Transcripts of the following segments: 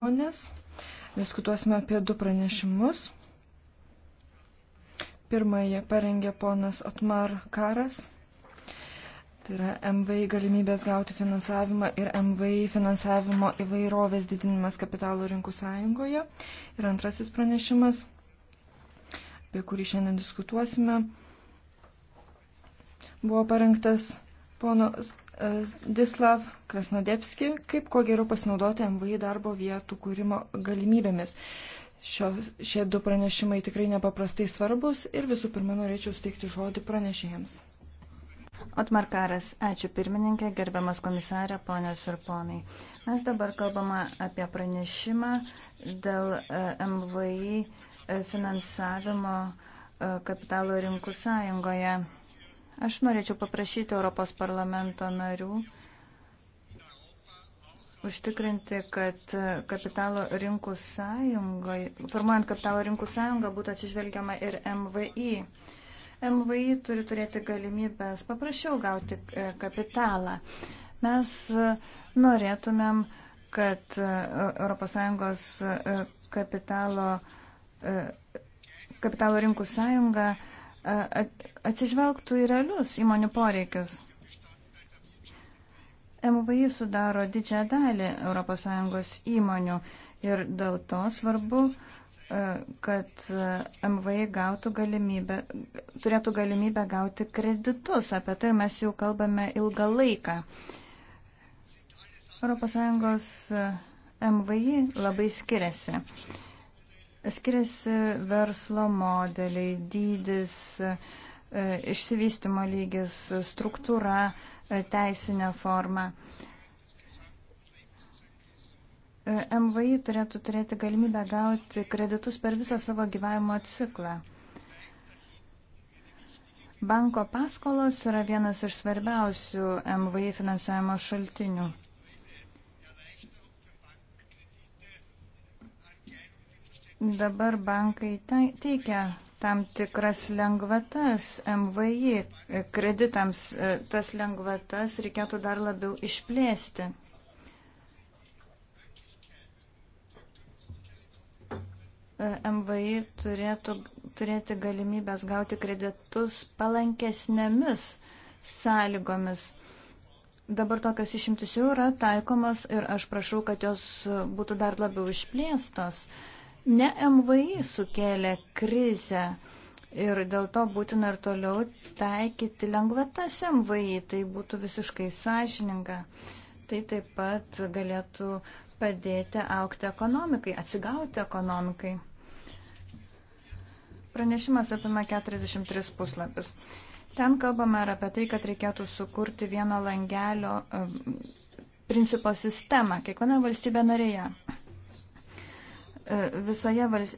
nuomonės. Diskutuosime apie du pranešimus. Pirmąją parengė ponas Otmar Karas. Tai yra MVI galimybės gauti finansavimą ir MVI finansavimo įvairovės didinimas kapitalo rinkų sąjungoje. Ir antrasis pranešimas, apie kurį šiandien diskutuosime, buvo parengtas pono Dislav Krasnodepski, kaip ko geriau pasinaudoti MVI darbo vietų kūrimo galimybėmis. Šio, šie du pranešimai tikrai nepaprastai svarbus ir visų pirma norėčiau suteikti žodį pranešėjams. Otmarkaras, ačiū pirmininkė, gerbiamas komisarė, ponės ir ponai. Mes dabar kalbame apie pranešimą dėl e, MVI e, finansavimo e, kapitalo rinkų sąjungoje. Aš norėčiau paprašyti Europos parlamento narių užtikrinti, kad kapitalo rinkų sąjungai, formuojant kapitalo rinkų sąjungą, būtų atsižvelgiama ir MVI. MVI turi turėti galimybės paprasčiau gauti e, kapitalą. Mes e, norėtumėm, kad ES e, kapitalo, kapitalo rinkų sąjunga atsižvelgtų į realius įmonių poreikius. MVI sudaro didžią dalį ES įmonių ir dėl to svarbu, kad MVI gautų galimybę, turėtų galimybę gauti kreditus. Apie tai mes jau kalbame ilgą laiką. ES MVI labai skiriasi. Skiriasi verslo modeliai, dydis, e, išsivystimo lygis, struktūra, e, teisinė forma. E, MVI turėtų turėti galimybę gauti kreditus per visą savo gyvavimo ciklą. Banko paskolos yra vienas iš svarbiausių MVI finansavimo šaltinių. Dabar bankai teikia tam tikras lengvatas MVI kreditams. E, tas lengvatas reikėtų dar labiau išplėsti. E, MVI turėtų turėti galimybės gauti kreditus palankesnėmis sąlygomis. Dabar tokios išimtis jau yra taikomos ir aš prašau, kad jos būtų dar labiau išplėstos. Uh, Ne MVI sukėlė krizę ir dėl to būtina ir toliau taikyti lengvatas MVI, tai būtų visiškai sąžininga. Tai taip pat galėtų padėti aukti ekonomikai, atsigauti ekonomikai. Pranešimas apima 43 puslapius. Ten kalbame ir apie tai, kad reikėtų sukurti vieno langelio principo sistemą kiekvienoje valstybė narėje visoje vals...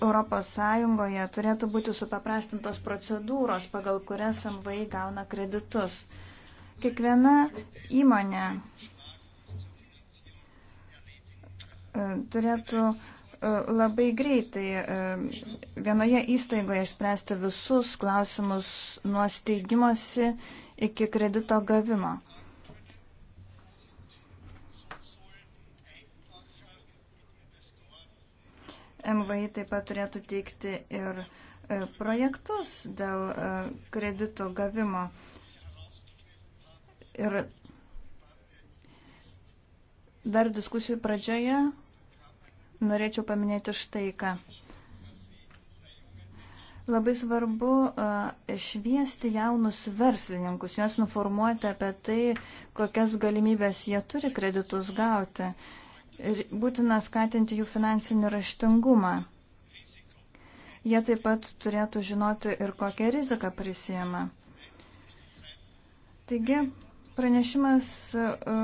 Europos Sąjungoje turėtų būti supaprastintos procedūros, pagal kurias MVI gauna kreditus. Kiekviena įmonė e, turėtų e, labai greitai e, vienoje įstaigoje išspręsti visus klausimus nuo steigimosi iki kredito gavimo. MVI taip pat turėtų teikti ir e, projektus dėl e, kredito gavimo. Ir dar diskusijų pradžioje norėčiau paminėti štai ką. Labai svarbu e, šviesti jaunus verslininkus, juos informuoti apie tai, kokias galimybės jie turi kreditus gauti būtina skatinti jų finansinį raštingumą. Jie taip pat turėtų žinoti ir kokią riziką prisijama. Taigi, pranešimas uh,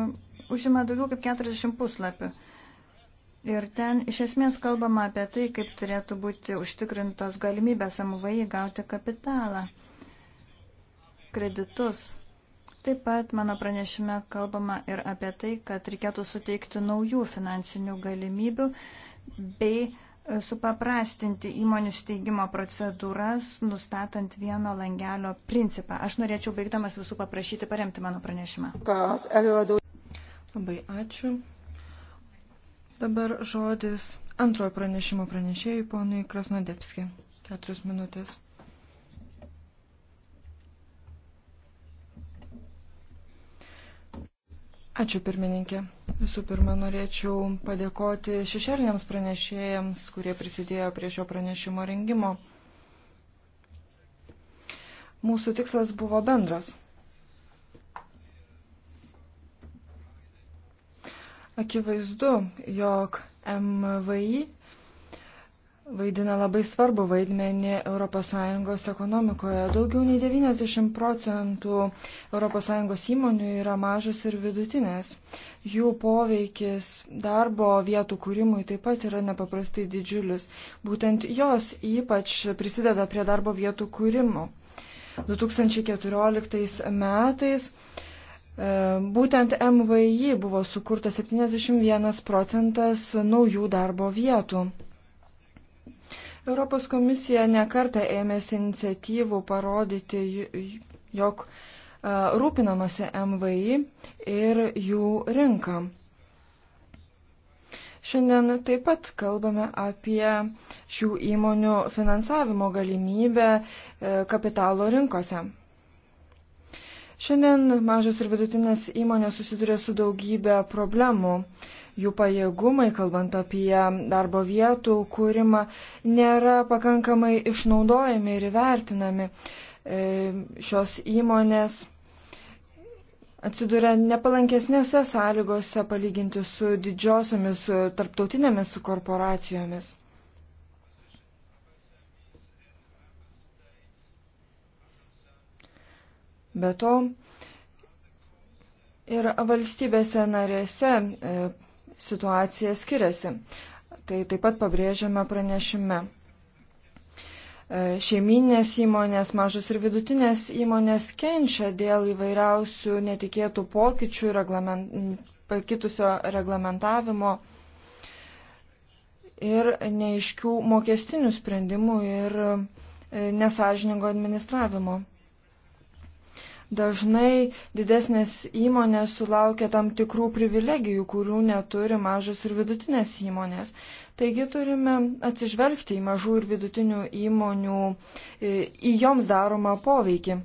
užima daugiau kaip 40 puslapių. Ir ten iš esmės kalbama apie tai, kaip turėtų būti užtikrintos galimybės MVI gauti kapitalą, kreditus. Taip pat mano pranešime kalbama ir apie tai, kad reikėtų suteikti naujų finansinių galimybių bei e, supaprastinti įmonių steigimo procedūras, nustatant vieno langelio principą. Aš norėčiau baigdamas visų paprašyti paremti mano pranešimą. Labai ačiū. Dabar žodis antrojo pranešimo pranešėjui ponui Krasnodepski. Keturios minutės. Ačiū pirmininkė. Visų pirma, norėčiau padėkoti šešėliniams pranešėjams, kurie prisidėjo prie šio pranešimo rengimo. Mūsų tikslas buvo bendras. Akivaizdu, jog MVI vaidina labai svarbu vaidmenį ES ekonomikoje. Daugiau nei 90 procentų ES įmonių yra mažos ir vidutinės. Jų poveikis darbo vietų kūrimui taip pat yra nepaprastai didžiulis. Būtent jos ypač prisideda prie darbo vietų kūrimo. 2014 metais e, Būtent MVI buvo sukurta 71 procentas naujų darbo vietų. Europos komisija nekarta ėmėsi iniciatyvų parodyti, jog rūpinamasi MVI ir jų rinka. Šiandien taip pat kalbame apie šių įmonių finansavimo galimybę e, kapitalo rinkose. Šiandien mažos ir vidutinės įmonės susiduria su daugybė problemų. Jų pajėgumai, kalbant apie darbo vietų kūrimą, nėra pakankamai išnaudojami ir įvertinami. E, šios įmonės atsiduria nepalankesnėse sąlygose palyginti su didžiosiomis tarptautinėmis korporacijomis. Be to, ir valstybėse narėse e, situacija skiriasi. Tai taip pat pabrėžiame pranešime. E, šeiminės įmonės, mažos ir vidutinės įmonės kenčia dėl įvairiausių netikėtų pokyčių, reglament, pakitusio reglamentavimo ir neiškių mokestinių sprendimų ir e, nesažiningo administravimo. Dažnai didesnės įmonės sulaukia tam tikrų privilegijų, kurių neturi mažos ir vidutinės įmonės. Taigi turime atsižvelgti į mažų ir vidutinių įmonių, e, į joms daromą poveikį.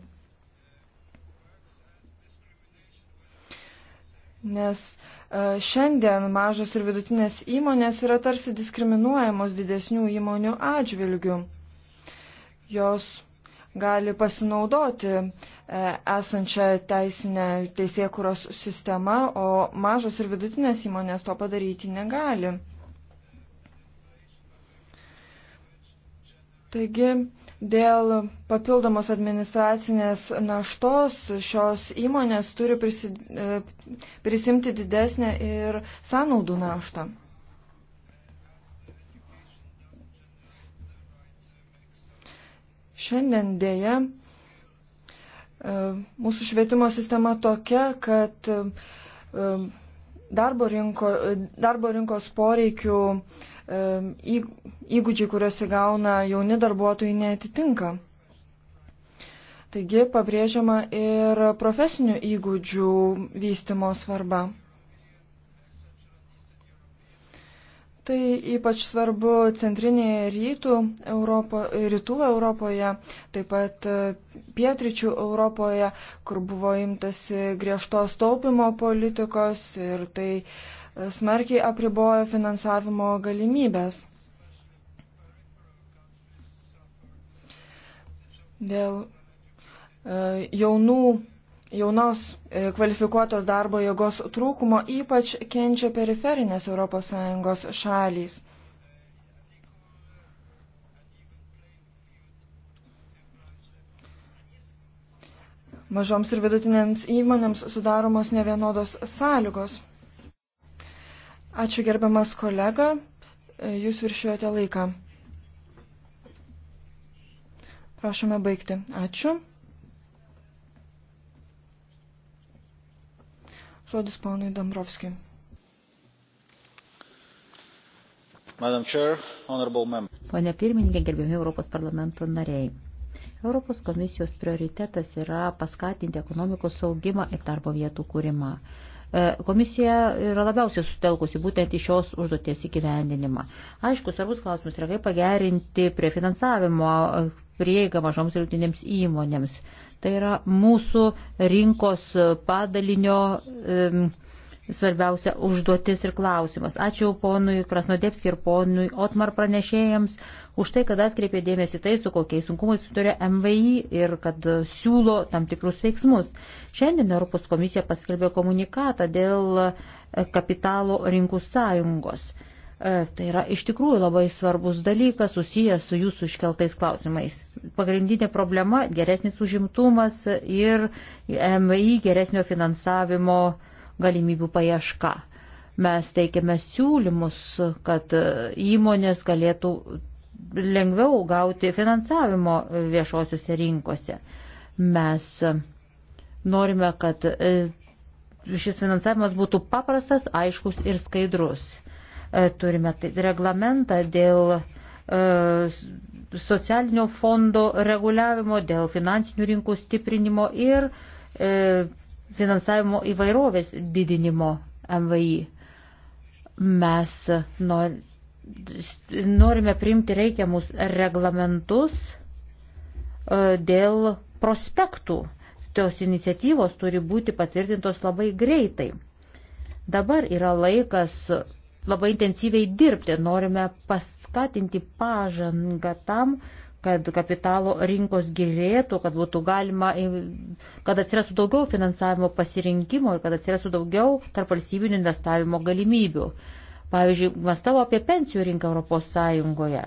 Nes e, šiandien mažos ir vidutinės įmonės yra tarsi diskriminuojamos didesnių įmonių atžvilgių. Jos gali pasinaudoti e, esančią teisinę teisėkuros sistemą, o mažos ir vidutinės įmonės to padaryti negali. Taigi, dėl papildomos administracinės naštos šios įmonės turi e, prisimti didesnę ir sąnaudų naštą. Šiandien dėja e, mūsų švietimo sistema tokia, kad e, darbo, rinko, darbo rinkos poreikių e, įgūdžiai, kuriuos įgauna jauni darbuotojai, netitinka. Taigi pabrėžiama ir profesinių įgūdžių vystimo svarba. Tai ypač svarbu centrinėje rytų Europo, rytų Europoje, taip pat e, pietričių Europoje, kur buvo imtasi griežtos taupimo politikos ir tai e, smarkiai apribojo finansavimo galimybės. Dėl e, jaunų jaunos e, kvalifikuotos darbo jėgos trūkumo ypač kenčia periferinės ES šalys. Mažoms ir vidutinėms įmonėms sudaromos nevienodos sąlygos. Ačiū gerbiamas kolega, e, jūs viršiuojate laiką. Prašome baigti. Ačiū. Žodis ponui Dombrovskijui. Pone pirmininkė, gerbiami Europos parlamento nariai. Europos komisijos prioritetas yra paskatinti ekonomikos saugimą ir darbo vietų kūrimą. E, komisija yra labiausiai sutelkusi būtent į šios užduoties įgyvendinimą. Aišku, svarbus klausimas yra kaip pagerinti prie finansavimo prieigą mažoms ir vidutinėms įmonėms. Tai yra mūsų rinkos padalinio um, svarbiausia užduotis ir klausimas. Ačiū ponui Krasnodėpski ir ponui Otmar pranešėjams už tai, kad atkreipė dėmesį tai, su kokiais sunkumais suturia MVI ir kad siūlo tam tikrus veiksmus. Šiandien Europos komisija paskelbė komunikatą dėl kapitalo rinkų sąjungos. E, tai yra iš tikrųjų labai svarbus dalykas susijęs su jūsų iškeltais klausimais. Pagrindinė problema - geresnis užimtumas ir MI geresnio finansavimo galimybių paieška. Mes teikiame siūlymus, kad įmonės galėtų lengviau gauti finansavimo viešosiuose rinkose. Mes norime, kad šis finansavimas būtų paprastas, aiškus ir skaidrus E, turime tai reglamentą dėl e, socialinio fondo reguliavimo, dėl finansinių rinkų stiprinimo ir e, finansavimo įvairovės didinimo MVI. Mes norime priimti reikiamus reglamentus dėl prospektų. Tos iniciatyvos turi būti patvirtintos labai greitai. Dabar yra laikas labai intensyviai dirbti, norime paskatinti pažangą tam, kad kapitalo rinkos gerėtų, kad būtų galima, kad atsirastų daugiau finansavimo pasirinkimo ir kad atsirastų daugiau tarp valstybinių investavimo galimybių. Pavyzdžiui, mastavo apie pensijų rinką Europos Sąjungoje.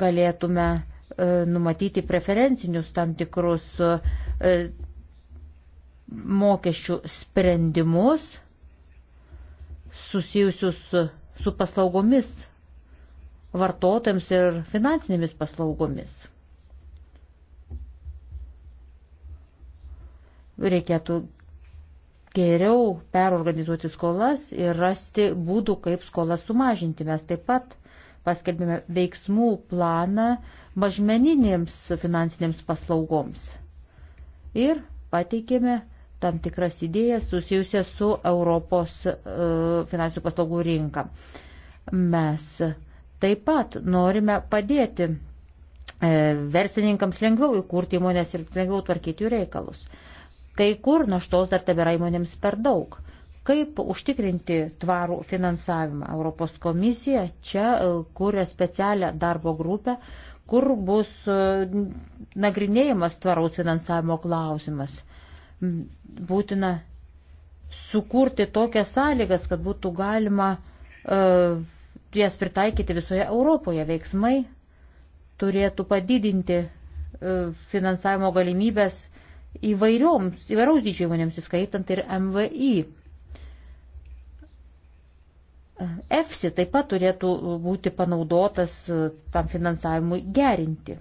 Galėtume e, numatyti preferencinius tam tikrus e, mokesčių sprendimus susijusius su su paslaugomis vartotojams ir finansinėmis paslaugomis. Reikėtų geriau perorganizuoti skolas ir rasti būdų, kaip skolas sumažinti. Mes taip pat paskelbėme veiksmų planą mažmeninėms finansinėms paslaugoms ir pateikėme tam tikras idėjas susijusias su Europos e, finansų paslaugų rinka. Mes taip pat norime padėti e, verslininkams lengviau įkurti įmonės ir lengviau tvarkyti jų reikalus. Kai kur naštos dar tebėra įmonėms per daug. Kaip užtikrinti tvarų finansavimą? Europos komisija čia e, kūrė specialią darbo grupę, kur bus nagrinėjimas tvaraus finansavimo klausimas būtina sukurti tokias sąlygas, kad būtų galima uh, jas pritaikyti visoje Europoje. Veiksmai turėtų padidinti uh, finansavimo galimybės įvairioms, įvairaus dydžio įmonėms, įskaitant ir MVI. EFSI taip pat turėtų būti panaudotas e, tam finansavimui gerinti.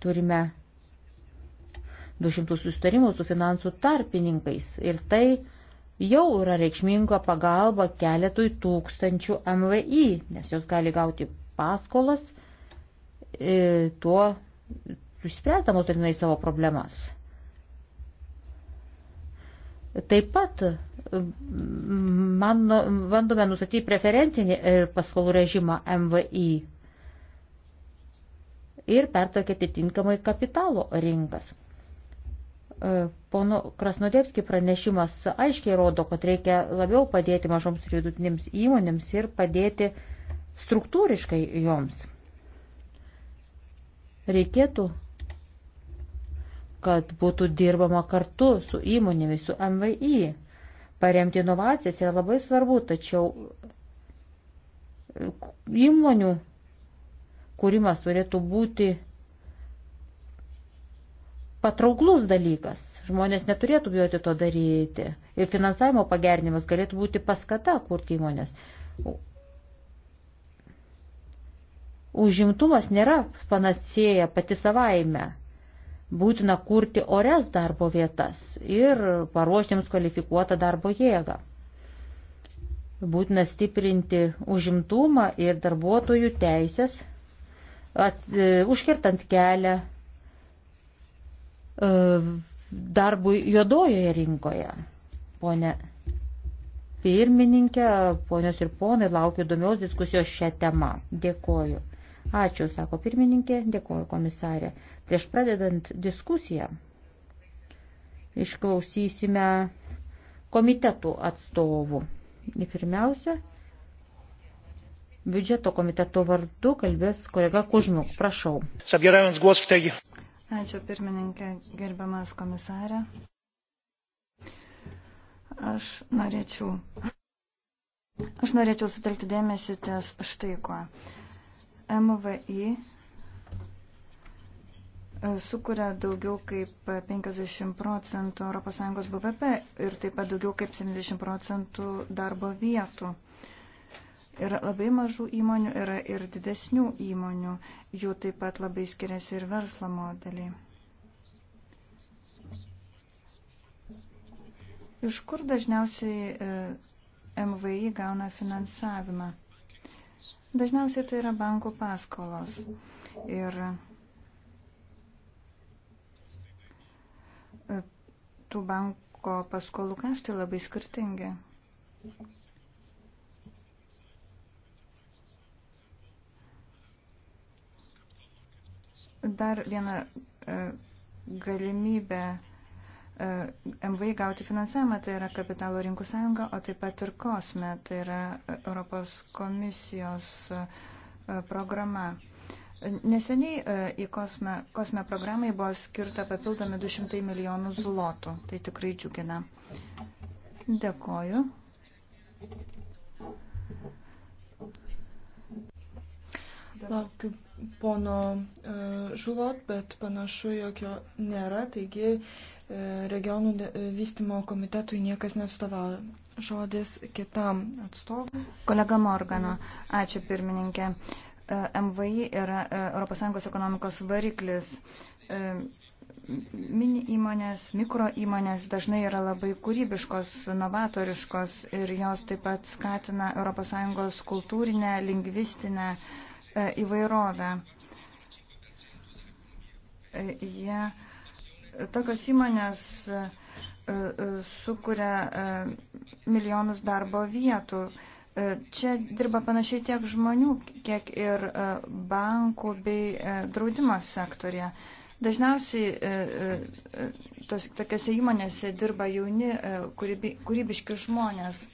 Turime 200 sustarimų su finansų tarpininkais. Ir tai jau yra reikšminga pagalba keletui tūkstančių MVI, nes jos gali gauti paskolas e, tuo išspręsdamos dalinai savo problemas. Taip pat man, bandome nustatyti preferencinį paskolų režimą MVI ir pertvarkyti tinkamai kapitalo rinkas. E, pono Krasnodėpski pranešimas aiškiai rodo, kad reikia labiau padėti mažoms ir vidutinėms įmonėms ir padėti struktūriškai joms. Reikėtų, kad būtų dirbama kartu su įmonėmis, su MVI. Paremti inovacijas yra labai svarbu, tačiau e, įmonių kūrimas turėtų būti patrauklus dalykas. Žmonės neturėtų bijoti to daryti. Ir finansavimo pagerinimas galėtų būti paskata kurti įmonės. Užimtumas nėra panacėja pati savaime. Būtina kurti ores darbo vietas ir paruoštiems kvalifikuotą darbo jėgą. Būtina stiprinti užimtumą ir darbuotojų teisės, at, e, užkirtant kelią E, darbui juodojoje rinkoje. Pone pirmininkė, ponios ir ponai, laukiu įdomios diskusijos šią temą. Dėkoju. Ačiū, sako pirmininkė, dėkoju komisarė. Prieš pradedant diskusiją išklausysime komitetų atstovų. Ir pirmiausia, biudžeto komiteto vardu kalbės kolega Kužmiuk. Prašau. Zabierając głos w tej Ačiū pirmininkė, gerbiamas komisarė. Aš norėčiau, aš norėčiau sutelkti dėmesį ties štai kuo. MVI sukuria daugiau kaip 50 procentų ES BVP ir taip pat daugiau kaip 70 procentų darbo vietų. Yra labai mažų įmonių, yra ir didesnių įmonių, jų taip pat labai skiriasi ir verslo modeliai. Iš kur dažniausiai e, MVI gauna finansavimą? Dažniausiai tai yra bankų paskolos. Ir e, tų banko paskolų kaštai labai skirtingi. Dar viena e, galimybė e, MVI gauti finansavimą, tai yra kapitalo rinkų sąjunga, o taip pat ir kosme, tai yra Europos komisijos e, programa. Neseniai į kosme, kosme programai buvo skirta papildomi 200 milijonų zlotų, tai tikrai džiugina. Dėkoju. Laukiu pono e, Žulot, bet panašu, jokio nėra, taigi e, regionų e, vystimo komitetui niekas nestovauja. Žodis kitam atstovui. Kolega Morgano, ačiū pirmininkė. MVI yra ES ekonomikos variklis. Mini įmonės, mikro įmonės dažnai yra labai kūrybiškos, novatoriškos ir jos taip pat skatina ES kultūrinę, lingvistinę uh, E, įvairovę. E, jie, e, tokios įmonės sukuria milijonus darbo vietų. Čia dirba panašiai tiek žmonių, kiek ir bankų bei draudimo sektorija. Dažniausiai tos, tokiose įmonėse dirba jauni kūrybi, kūrybiški žmonės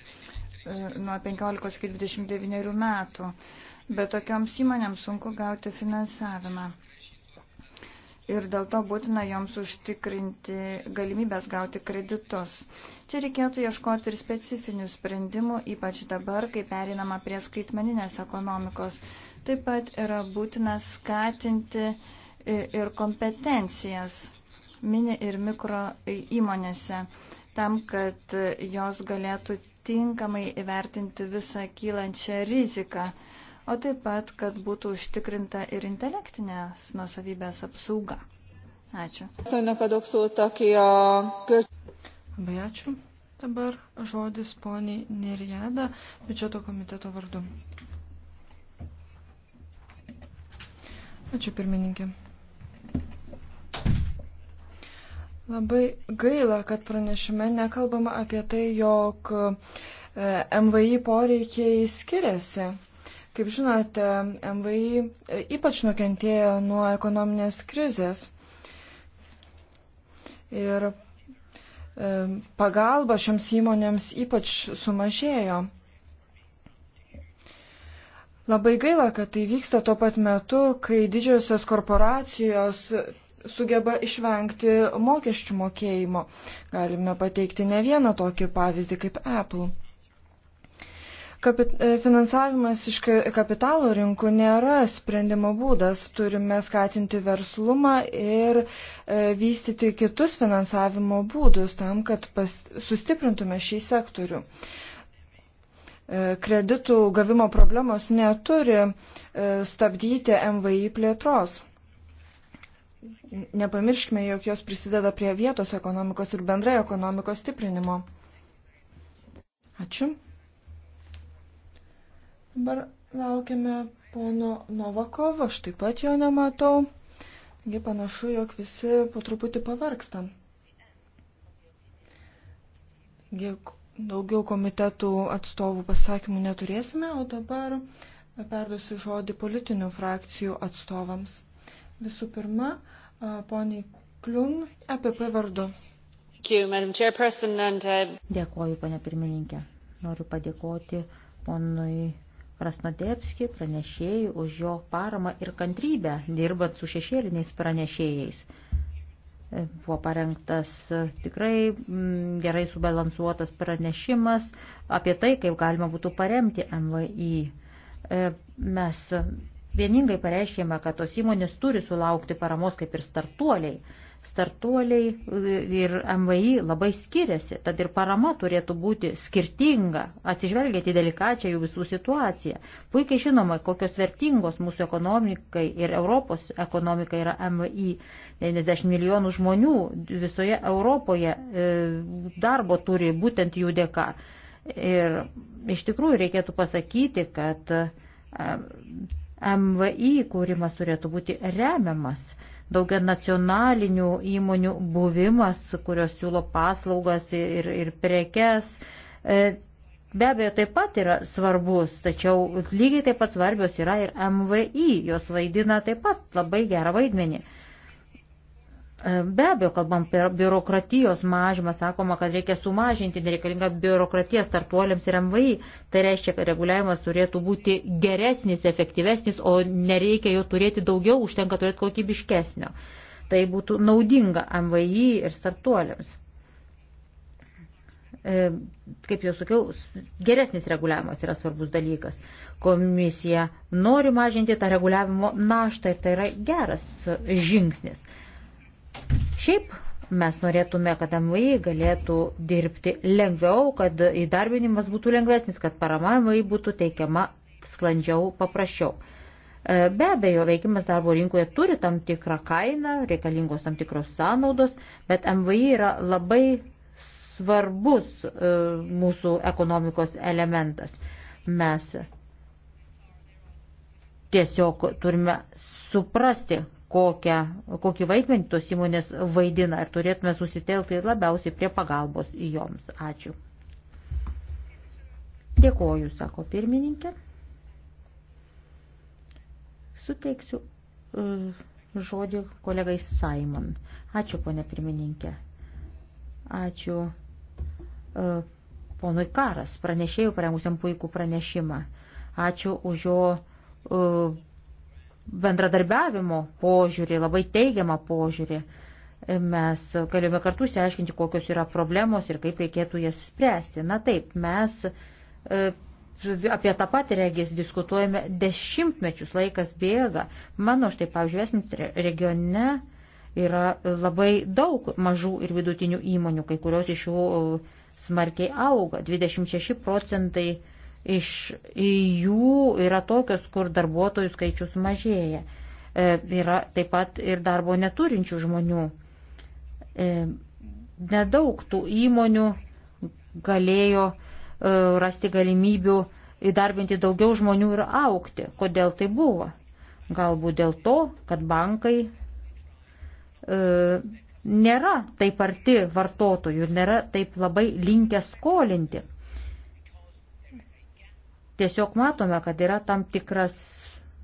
nuo 15 iki 29 metų bet tokioms įmonėms sunku gauti finansavimą. Ir dėl to būtina joms užtikrinti galimybės gauti kreditus. Čia reikėtų ieškoti ir specifinių sprendimų, ypač dabar, kai perinama prie skaitmeninės ekonomikos. Taip pat yra būtina skatinti e, ir kompetencijas mini ir mikro e, įmonėse, tam, kad e, jos galėtų tinkamai įvertinti visą kylančią riziką o taip pat, kad būtų užtikrinta ir intelektinės nusavybės apsauga. Ačiū. Labai ačiū. Dabar žodis poniai Nirjada, biudžeto komiteto vardu. Ačiū pirmininkė. Labai gaila, kad pranešime nekalbama apie tai, jog e, MVI poreikiai skiriasi. Kaip žinote, MVI e, ypač nukentėjo nuo ekonominės krizės. Ir e, pagalba šiams įmonėms ypač sumažėjo. Labai gaila, kad tai vyksta tuo pat metu, kai didžiosios korporacijos sugeba išvengti mokesčių mokėjimo. Galime pateikti ne vieną tokį pavyzdį kaip Apple. Kapit e, finansavimas iš kapitalo rinkų nėra sprendimo būdas. Turime skatinti verslumą ir e, vystyti kitus finansavimo būdus tam, kad pas, sustiprintume šį sektorių. E, kreditų gavimo problemos neturi e, stabdyti MVI plėtros. Nepamirškime, jog jos prisideda prie vietos ekonomikos ir bendrai ekonomikos stiprinimo. Ačiū. Dabar laukiame pono Novakovo, aš taip pat jo nematau. Taigi panašu, jog visi po truputį pavargsta. Taigi daugiau komitetų atstovų pasakymų neturėsime, o dabar perduosiu žodį politinių frakcijų atstovams. Visų pirma, poniai Kliun, EPP vardu. Uh, Dėkuoju, ponia pirmininkė. Noriu padėkoti ponui Prasnodėpski pranešėjai už jo paramą ir kantrybę dirbant su šešėliniais pranešėjais. E, Buvo parengtas e, tikrai m, mm, gerai subalansuotas pranešimas apie tai, kaip galima būtų paremti MVI. E, mes vieningai pareiškėme, kad tos įmonės turi sulaukti paramos kaip ir startuoliai startuoliai e, ir MVI labai skiriasi, tad ir parama turėtų būti skirtinga, atsižvelgiant į delikačią jų visų situaciją. Puikiai žinoma, kokios vertingos mūsų ekonomikai ir Europos ekonomikai yra MVI. 90 milijonų žmonių visoje Europoje e, darbo turi būtent jų dėka. Ir iš tikrųjų reikėtų pasakyti, kad e, MVI kūrimas turėtų būti remiamas daugia nacionalinių įmonių buvimas, kurios siūlo paslaugas ir, ir prekes. E, be abejo, taip pat yra svarbus, tačiau lygiai taip pat svarbios yra ir MVI, jos vaidina taip pat labai gerą vaidmenį. E, be abejo, kalbam apie biurokratijos mažymą, sakoma, kad reikia sumažinti nereikalingą biurokratiją startuoliams ir MVI. Tai reiškia, kad reguliavimas turėtų būti geresnis, efektyvesnis, o nereikia jo turėti daugiau, užtenka turėti kokybiškesnio. Tai būtų naudinga MVI ir startuoliams. E, kaip jau sakiau, geresnis reguliavimas yra svarbus dalykas. Komisija nori mažinti tą reguliavimo naštą ir tai yra geras žingsnis Šiaip mes norėtume, kad MVI galėtų dirbti lengviau, kad įdarbinimas būtų lengvesnis, kad parama MVI būtų teikiama sklandžiau, paprasčiau. E, be abejo, veikimas darbo rinkoje turi tam tikrą kainą, reikalingos tam tikros sąnaudos, bet MVI yra labai svarbus e, mūsų ekonomikos elementas. Mes tiesiog turime suprasti, kokią, kokį vaidmenį tos įmonės vaidina ir turėtume susitelkti labiausiai prie pagalbos joms. Ačiū. Dėkoju, sako pirmininkė. Suteiksiu uh, žodį kolegai Simon. Ačiū, ponė pirmininkė. Ačiū uh, ponui Karas, pranešėjų parengusiam puikų pranešimą. Ačiū už jo uh, bendradarbiavimo požiūrį, labai teigiamą požiūrį. Mes galime kartu išsiaiškinti, kokios yra problemos ir kaip reikėtų jas spręsti. Na taip, mes e, apie tą patį regis diskutuojame dešimtmečius, laikas bėga. Mano štai, pavyzdžiui, esmins regione yra labai daug mažų ir vidutinių įmonių, kai kurios iš jų e, smarkiai auga. 26 procentai iš jų yra tokios, kur darbuotojų skaičius mažėja. E, yra taip pat ir darbo neturinčių žmonių. E, nedaug tų įmonių galėjo e, rasti galimybių įdarbinti daugiau žmonių ir aukti. Kodėl tai buvo? Galbūt dėl to, kad bankai e, nėra taip arti vartotojų, nėra taip labai linkę skolinti. Tiesiog matome, kad yra tam tikras,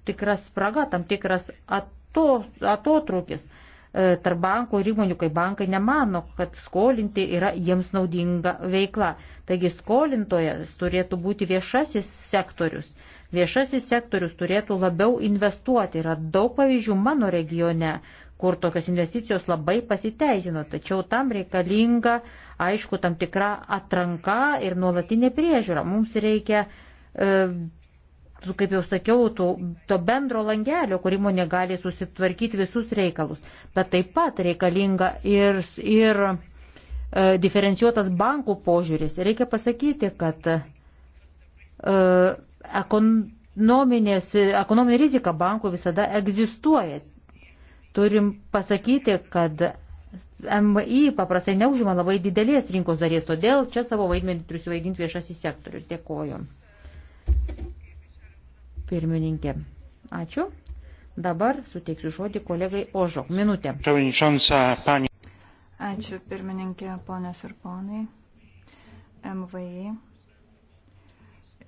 tikras spraga, tam tikras ato, atotrukis e, tarp bankų ir įmonių, kai bankai nemano, kad skolinti yra jiems naudinga veikla. Taigi skolintojas turėtų būti viešasis sektorius. Viešasis sektorius turėtų labiau investuoti. Yra daug pavyzdžių mano regione, kur tokios investicijos labai pasiteisino, tačiau tam reikalinga, aišku, tam tikra atranka ir nuolatinė priežiūra. Mums reikia uh, E, kaip jau sakiau, to, to bendro langelio, kur įmonė gali susitvarkyti visus reikalus. Bet taip pat reikalinga ir, ir e, diferencijuotas bankų požiūris. Reikia pasakyti, kad e, ekonominė rizika bankų visada egzistuoja. Turim pasakyti, kad MI paprastai neužima labai didelės rinkos dalies, todėl čia savo vaidmenį turi suvaidinti viešasis sektorius. Dėkoju. Pirmininkė, ačiū. Dabar suteiksiu žodį kolegai Ožo. Minutė. Ačiū pirmininkė, ponės ir ponai. MVI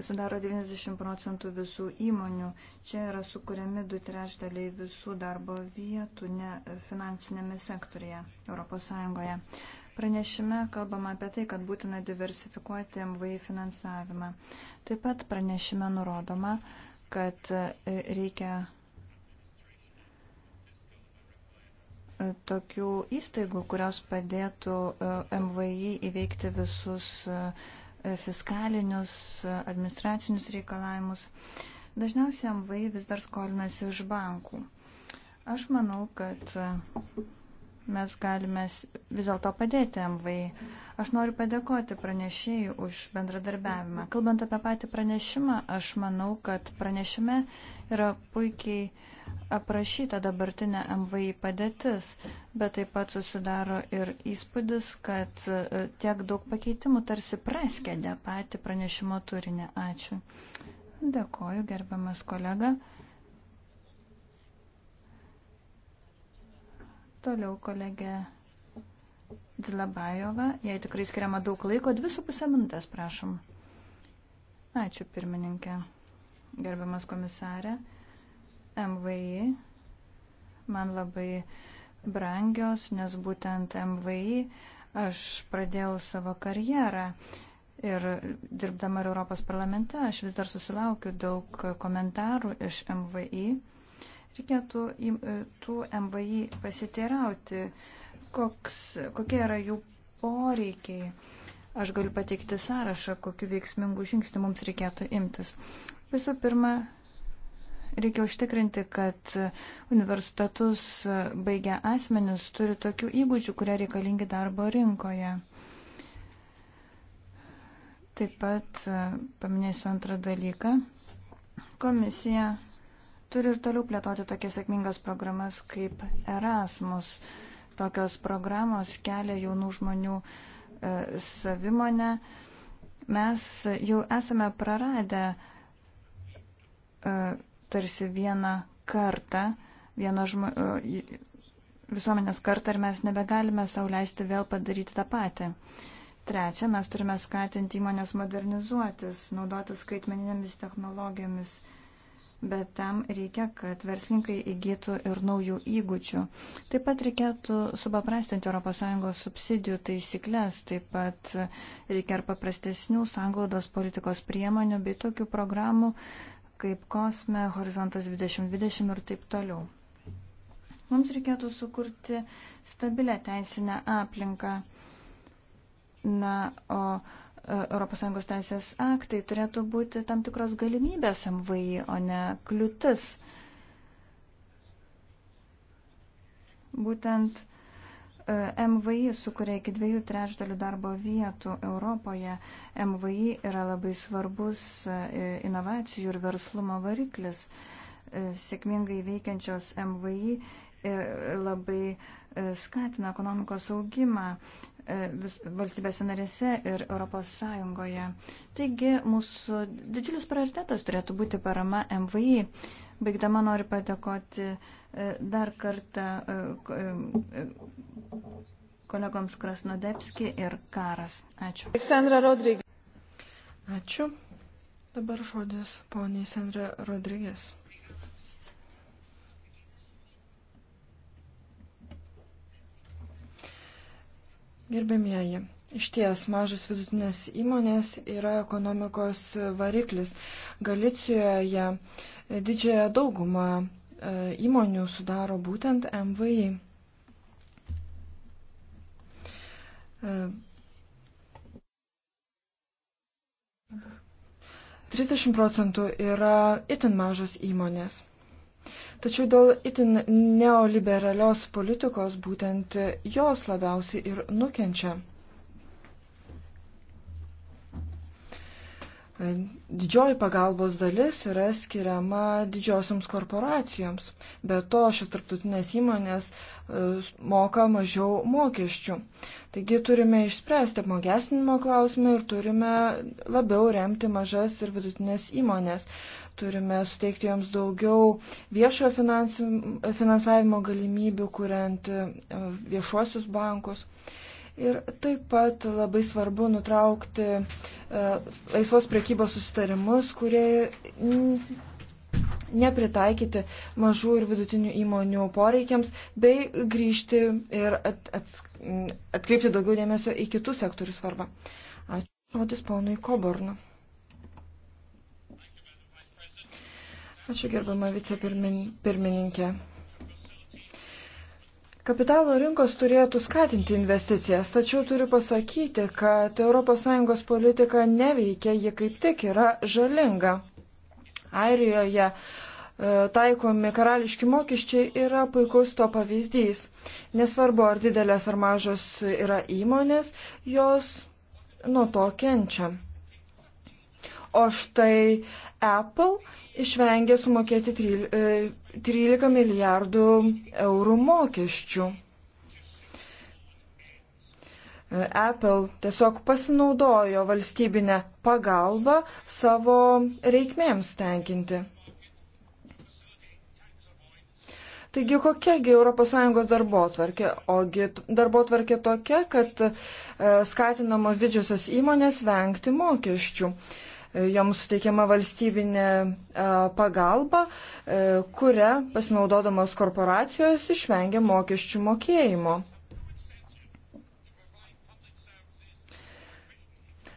sudaro 90 procentų visų įmonių. Čia yra sukūriami du trešdaliai visų darbo vietų ne finansinėme sektorėje ES. Pranešime kalbama apie tai, kad būtina diversifikuoti MVI finansavimą. Taip pat pranešime nurodoma, kad e, reikia e, tokių įstaigų, kurios padėtų e, MVI įveikti visus fiskalinius, administracinius reikalavimus. Dažniausiai MVI vis dar skolinasi iš bankų. Aš manau, kad mes galime vis dėlto padėti MVI. Aš noriu padėkoti pranešėjai už bendradarbiavimą. Kalbant apie patį pranešimą, aš manau, kad pranešime yra puikiai aprašyta dabartinė MVI padėtis, bet taip pat susidaro ir įspūdis, kad e, tiek daug pakeitimų tarsi praskedė patį pranešimo turinį. Ačiū. Dėkoju, gerbiamas kolega. Toliau kolegė Dilabajova, jai tikrai skiriama daug laiko, dvi su pusė minutės, prašom. Ačiū pirmininkė, gerbiamas komisarė. MVI man labai brangios, nes būtent MVI aš pradėjau savo karjerą. Ir dirbdama Europos parlamente aš vis dar susilaukiu daug komentarų iš MVI. Reikėtų e, tų MVI pasiteirauti, koks, kokie yra jų poreikiai. Aš galiu pateikti sąrašą, kokiu veiksmingu žingsniu mums reikėtų imtis. Visų pirma, reikia užtikrinti, kad universitetus baigę asmenis turi tokių įgūdžių, kurie reikalingi darbo rinkoje. Taip pat e, paminėsiu antrą dalyką. Komisija turi ir toliau plėtoti tokias sėkmingas programas kaip Erasmus. Tokios programos kelia jaunų žmonių e, savimonę. Mes jau esame praradę e, tarsi vieną kartą, vieną žmo, e, visuomenės kartą ir mes nebegalime sauliaisti vėl padaryti tą patį. Trečia, mes turime skatinti įmonės modernizuotis, naudotis skaitmeninėmis technologijomis bet tam reikia, kad verslininkai įgytų ir naujų įgūdžių. Taip pat reikėtų supaprastinti ES subsidijų taisyklės, taip pat reikia ir paprastesnių sanglaudos politikos priemonių bei tokių programų kaip Kosme, Horizontas 2020 ir taip toliau. Mums reikėtų sukurti stabilę teisinę aplinką. Na, o ES teisės aktai turėtų būti tam tikros galimybės MVI, o ne kliūtis. Būtent e, MVI sukuria iki dviejų trečdalių darbo vietų Europoje. MVI yra labai svarbus e, inovacijų ir verslumo variklis. E, sėkmingai veikiančios MVI labai skatina ekonomikos augimą, E, valstybėse narėse ir Europos Sąjungoje. Taigi mūsų didžiulis prioritetas turėtų būti parama MVI. Baigdama noriu padėkoti e, dar kartą e, kolegoms Krasnodepski ir Karas. Ačiū. Aleksandra Rodrygė. Ačiū. Dabar žodis poniai Sandra Rodrygės. Gerbėmieji, iš ties mažos vidutinės įmonės yra ekonomikos variklis. Galicijoje e, didžiąją daugumą e, įmonių sudaro būtent MVI. E, trisdešimt procentų yra itin mažos įmonės. Tačiau dėl itin neoliberalios politikos būtent jos labiausiai ir nukenčia. Didžioji pagalbos dalis yra skiriama didžiosioms korporacijoms, bet to šios tarptautinės įmonės e, moka mažiau mokesčių. Taigi turime išspręsti apmokestinimo klausimą ir turime labiau remti mažas ir vidutinės įmonės. Turime suteikti joms daugiau viešojo finansavimo galimybių, kuriant e, viešuosius bankus. Ir taip pat labai svarbu nutraukti e, laisvos priekybos susitarimus, kurie nepritaikyti mažų ir vidutinių įmonių poreikiams, bei grįžti ir at, at, atkreipti daugiau dėmesio į kitų sektorių svarbą. Ačiū. Žodis ponui Kobornu. Ačiū gerbama vicepirmininkė. Kapitalo rinkos turėtų skatinti investicijas, tačiau turiu pasakyti, kad ES politika neveikia, ji kaip tik yra žalinga. Airijoje e, taikomi karališki mokesčiai yra puikus to pavyzdys. Nesvarbu, ar didelės ar mažos yra įmonės, jos nuo to kenčia. O štai uh, Apple išvengė sumokėti 13 e, milijardų eurų mokesčių. E, Apple tiesiog pasinaudojo valstybinę pagalbą savo reikmėms tenkinti. Taigi kokiagi ES darbo tvarkė? Ogi darbo tvarkė tokia, kad e, skatinamos didžiosios įmonės vengti mokesčių. E, joms suteikiama valstybinė pagalba, kuria pasinaudodamas korporacijos išvengia mokesčių mokėjimo.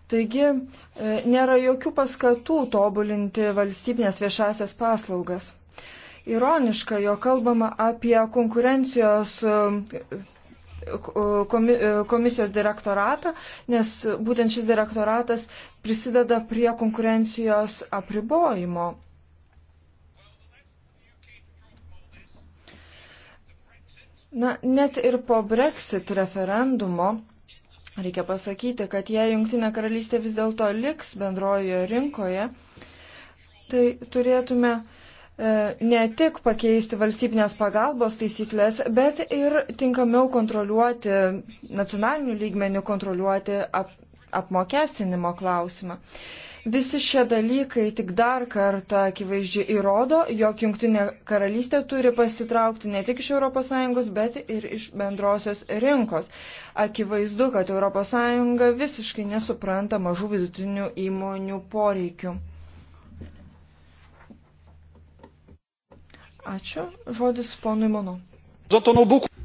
Taigi nėra jokių paskatų tobulinti valstybinės viešasias paslaugas. Ironiška, jo kalbama apie konkurencijos komisijos direktoratą, nes būtent šis direktoratas prisideda prie konkurencijos apribojimo. Na, net ir po Brexit referendumo reikia pasakyti, kad jei Junktinė karalystė vis dėlto liks bendrojoje rinkoje, tai turėtume uh, E, ne tik pakeisti valstybinės pagalbos taisyklės, bet ir tinkamiau kontroliuoti, nacionalinių lygmenių kontroliuoti ap, apmokestinimo klausimą. Visi šie dalykai tik dar kartą akivaizdžiai įrodo, jog Junktinė karalystė turi pasitraukti ne tik iš ES, bet ir iš bendrosios rinkos. Akivaizdu, kad ES visiškai nesupranta mažų vidutinių įmonių poreikių. Ačiū. Žodis ponui mano.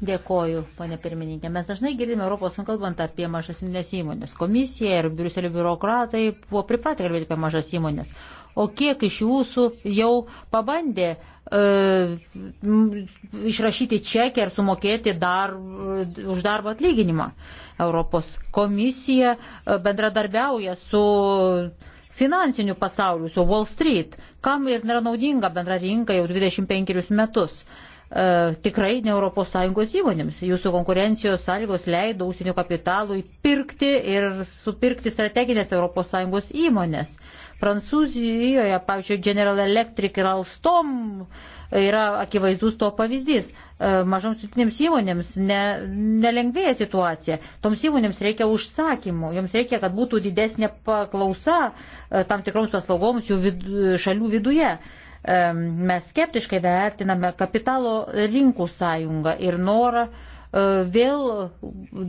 Dėkoju, ponė pirmininkė. Mes dažnai girdime Europos, kalbant apie mažas įmonės įmonės. Komisija ir Briuselio biurokratai buvo pripratę kalbėti apie mažas įmonės. O kiek iš jūsų jau pabandė e, išrašyti čekį ar sumokėti dar, e, už darbo atlyginimą. Europos komisija e, bendradarbiauja su finansiniu pasauliu, su Wall Street, kam ir nėra naudinga bendra rinka jau 25 metus. E, tikrai ne ES įmonėms. Jūsų konkurencijos sąlygos leido užsienio kapitalui pirkti ir supirkti strateginės ES įmonės. Prancūzijoje, pavyzdžiui, General Electric ir Alstom yra akivaizdus to pavyzdys. E, mažoms sutinėms įmonėms ne, nelengvėja situacija. Toms įmonėms reikia užsakymų, joms reikia, kad būtų didesnė paklausa e, tam tikroms paslaugoms jų vid, šalių viduje. E, mes skeptiškai vertiname kapitalo rinkų sąjungą ir norą vėl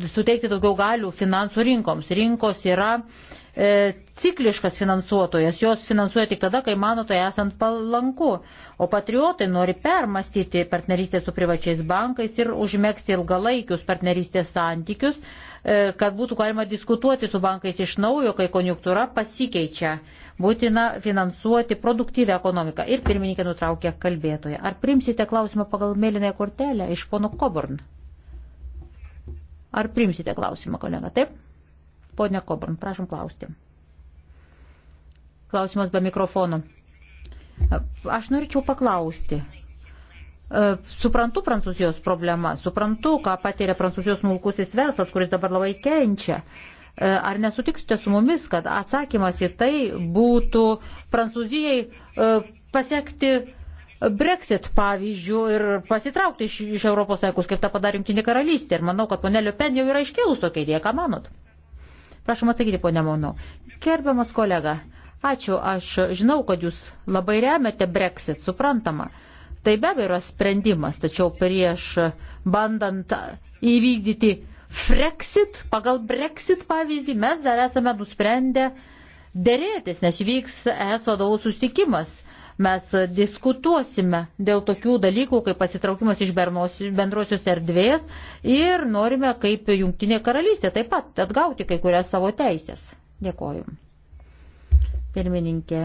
suteikti daugiau galių finansų rinkoms. Rinkos yra uh, E, cikliškas finansuotojas, jos finansuoja tik tada, kai mano tai esant palanku, o patriotai nori permastyti partnerystę su privačiais bankais ir užmėgsti ilgalaikius partnerystės santykius, e, kad būtų galima diskutuoti su bankais iš naujo, kai konjunktūra pasikeičia. Būtina finansuoti produktyvę ekonomiką. Ir pirmininkė nutraukė kalbėtoją. Ar primsite klausimą pagal mėlynąją kortelę iš pono Koburn? Ar primsite klausimą, kolega? Taip? Pone Koburn, prašom klausti. Klausimas be mikrofono. Aš norėčiau paklausti. E, suprantu Prancūzijos problemą, suprantu, ką patiria Prancūzijos smulkusis verslas, kuris dabar labai kenčia. E, ar nesutiksite su mumis, kad atsakymas į tai būtų Prancūzijai e, pasiekti Brexit pavyzdžių ir pasitraukti iš, iš Europos Sąjungos, kaip tą padarė Junktinė karalystė. Ir manau, kad ponelio Pen jau yra iškėlus tokia idėja, ką manot? Prašom atsakyti, ponė Mono. Gerbiamas kolega, ačiū, aš žinau, kad jūs labai remiate Brexit, suprantama. Tai be abejo yra sprendimas, tačiau prieš bandant įvykdyti Frexit, pagal Brexit pavyzdį, mes dar esame nusprendę dėrėtis, nes vyks ES vadovų sustikimas Mes diskutuosime dėl tokių dalykų, kaip pasitraukimas iš bernos, bendrosios erdvės ir norime kaip Junktinė karalystė taip pat atgauti kai kurias savo teisės. Dėkoju. Pirmininkė.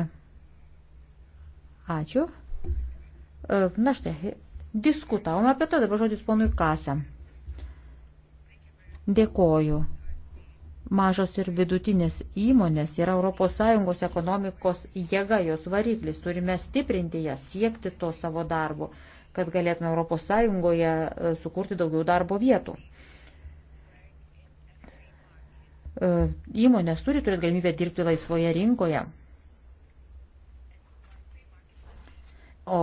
Ačiū. E, na štai, diskutavome apie to, tai, dabar žodis ponui Kasam. Dėkoju. Mažos ir vidutinės įmonės yra ES ekonomikos jėga, jos variklis. Turime stiprinti ją, siekti to savo darbo, kad galėtume ES e, sukurti daugiau darbo vietų. E, įmonės turi turėti galimybę dirbti laisvoje rinkoje. O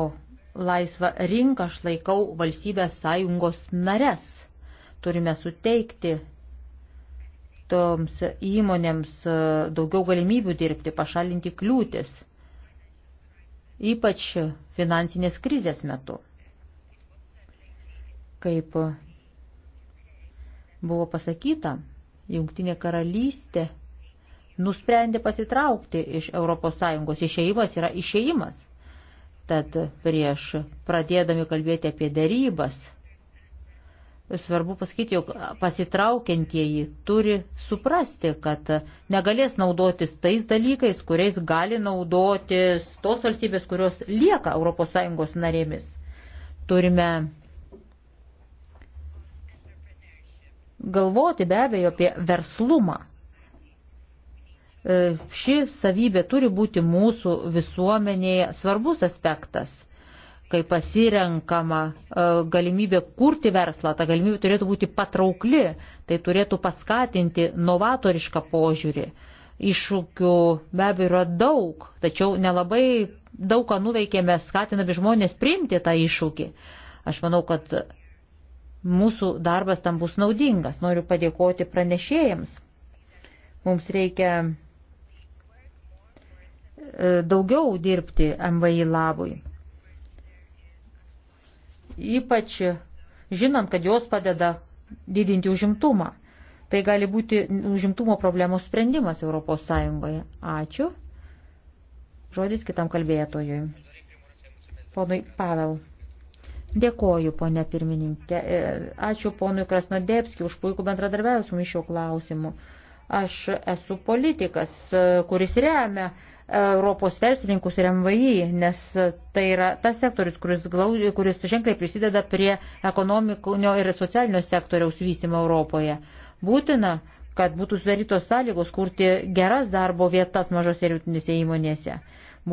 laisvą rinką aš laikau valstybės sąjungos nares. Turime suteikti toms įmonėms e, daugiau galimybių dirbti, pašalinti kliūtis, ypač finansinės krizės metu. Kaip buvo pasakyta, Jungtinė karalystė nusprendė pasitraukti iš ES. Išėjimas yra išėjimas. Tad prieš pradėdami kalbėti apie darybas, svarbu pasakyti, jog pasitraukiantieji turi suprasti, kad negalės naudotis tais dalykais, kuriais gali naudotis tos valstybės, kurios lieka ES narėmis. Turime galvoti be abejo apie verslumą. E, ši savybė turi būti mūsų visuomenėje svarbus aspektas kai pasirenkama e, galimybė kurti verslą, ta galimybė turėtų būti patraukli, tai turėtų paskatinti novatorišką požiūrį. Iššūkių be abejo yra daug, tačiau nelabai daug ką nuveikėme skatinami žmonės priimti tą iššūkį. Aš manau, kad mūsų darbas tam bus naudingas. Noriu padėkoti pranešėjams. Mums reikia e, daugiau dirbti MVI labui ypač žinant, kad jos padeda didinti užimtumą. Tai gali būti užimtumo problemos sprendimas ES. Ačiū. Žodis kitam kalbėtojui. Ponui Pavel. Dėkoju, ponė pirmininkė. E, ačiū ponui Krasnodėpskiu už puikų bendradarbiavimą su mišio klausimu. Aš esu politikas, e, kuris remia Europos verslininkus ir MVI, nes tai yra tas sektorius, kuris, glaudė, kuris ženkliai prisideda prie ekonominio ir socialinio sektoriaus vystimo Europoje. Būtina, kad būtų sudarytos sąlygos kurti geras darbo vietas mažose ir vidutinėse įmonėse.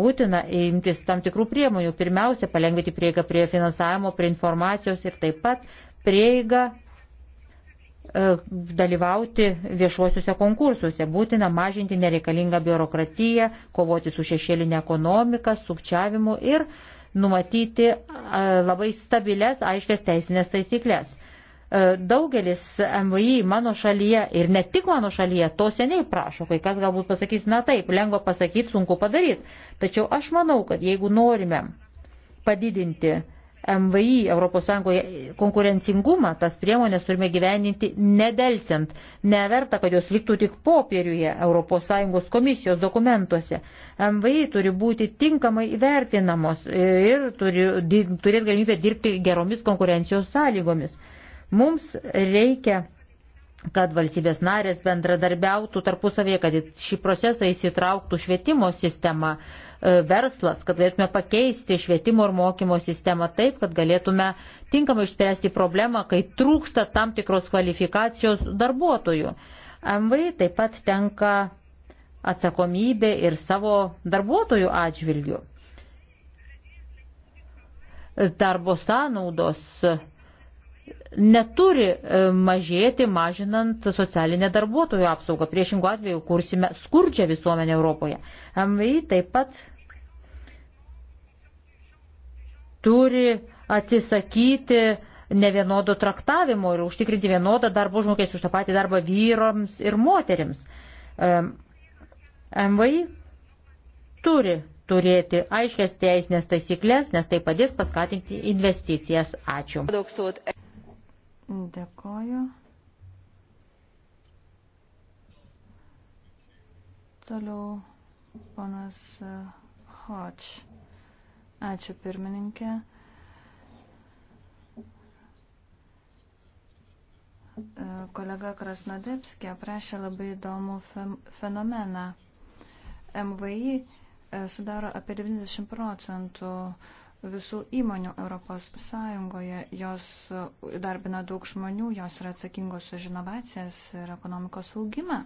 Būtina imtis tam tikrų priemonių. Pirmiausia, palengvinti prieigą prie finansavimo, prie informacijos ir taip pat prieigą E, dalyvauti viešuosiuose konkursuose. Būtina mažinti nereikalingą biurokratiją, kovoti su šešėlinė ekonomika, sukčiavimu ir numatyti e, labai stabilės, aiškės teisinės taisyklės. E, daugelis MVI mano šalyje ir ne tik mano šalyje to seniai prašo, kai kas galbūt pasakys, na taip, lengva pasakyti, sunku padaryti. Tačiau aš manau, kad jeigu norime padidinti MVI ES konkurencingumą, tas priemonės turime gyveninti nedelsiant. Neverta, kad jos liktų tik popieriuje ES komisijos dokumentuose. MVI turi būti tinkamai įvertinamos ir turi turėti galimybę dirbti geromis konkurencijos sąlygomis. Mums reikia kad valstybės narės bendradarbiautų tarpusavėje, kad šį procesą įsitrauktų švietimo sistema, E, verslas, kad galėtume pakeisti švietimo ir mokymo sistemą taip, kad galėtume tinkamai išspręsti problemą, kai trūksta tam tikros kvalifikacijos darbuotojų. MVI taip pat tenka atsakomybė ir savo darbuotojų atžvilgių. Darbo sąnaudos neturi e, mažėti, mažinant socialinę darbuotojų apsaugą. Priešingų atveju kursime skurdžią visuomenę Europoje. MVI taip pat turi atsisakyti nevienodo traktavimo ir užtikrinti vienodą darbo užmokestį už tą patį darbą vyrams ir moteriams. MVI turi turėti aiškias teisinės taisyklės, nes tai padės paskatinti investicijas. Ačiū. Dėkoju. Toliau panas Hodge. Ačiū pirmininkė. E, kolega Krasnodepskė aprašė labai įdomų fenomeną. MVI e, sudaro apie 90 procentų visų įmonių Europos Sąjungoje. Jos e, darbina daug žmonių, jos yra atsakingos už inovacijas ir ekonomikos augimą.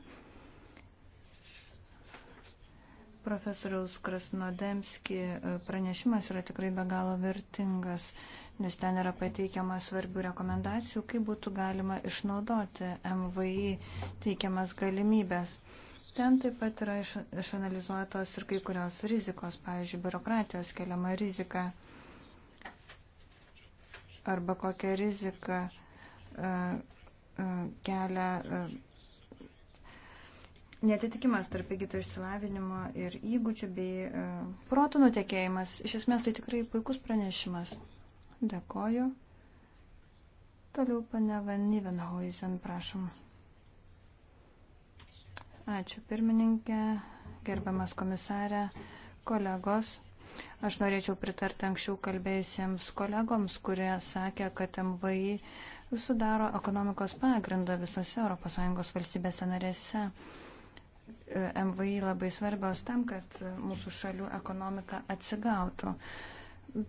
Profesoriaus Krasnodemski e, pranešimas yra tikrai be galo vertingas, nes ten yra pateikiama svarbių rekomendacijų, kaip būtų galima išnaudoti MVI teikiamas galimybės. Ten taip pat yra iš, išanalizuotos ir kai kurios rizikos, pavyzdžiui, biurokratijos keliama rizika arba kokia rizika uh, uh, kelia. Uh, netitikimas tarp įgyto išsilavinimo ir įgūdžių bei e, protų nutekėjimas. Iš esmės tai tikrai puikus pranešimas. Dėkoju. Toliau pane Van Nivenhuizen, prašom. Ačiū pirmininkė, gerbiamas komisarė, kolegos. Aš norėčiau pritarti anksčiau kalbėjusiems kolegoms, kurie sakė, kad MVI sudaro ekonomikos pagrindą visose ES valstybėse narėse. MVI labai svarbios tam, kad mūsų šalių ekonomika atsigautų.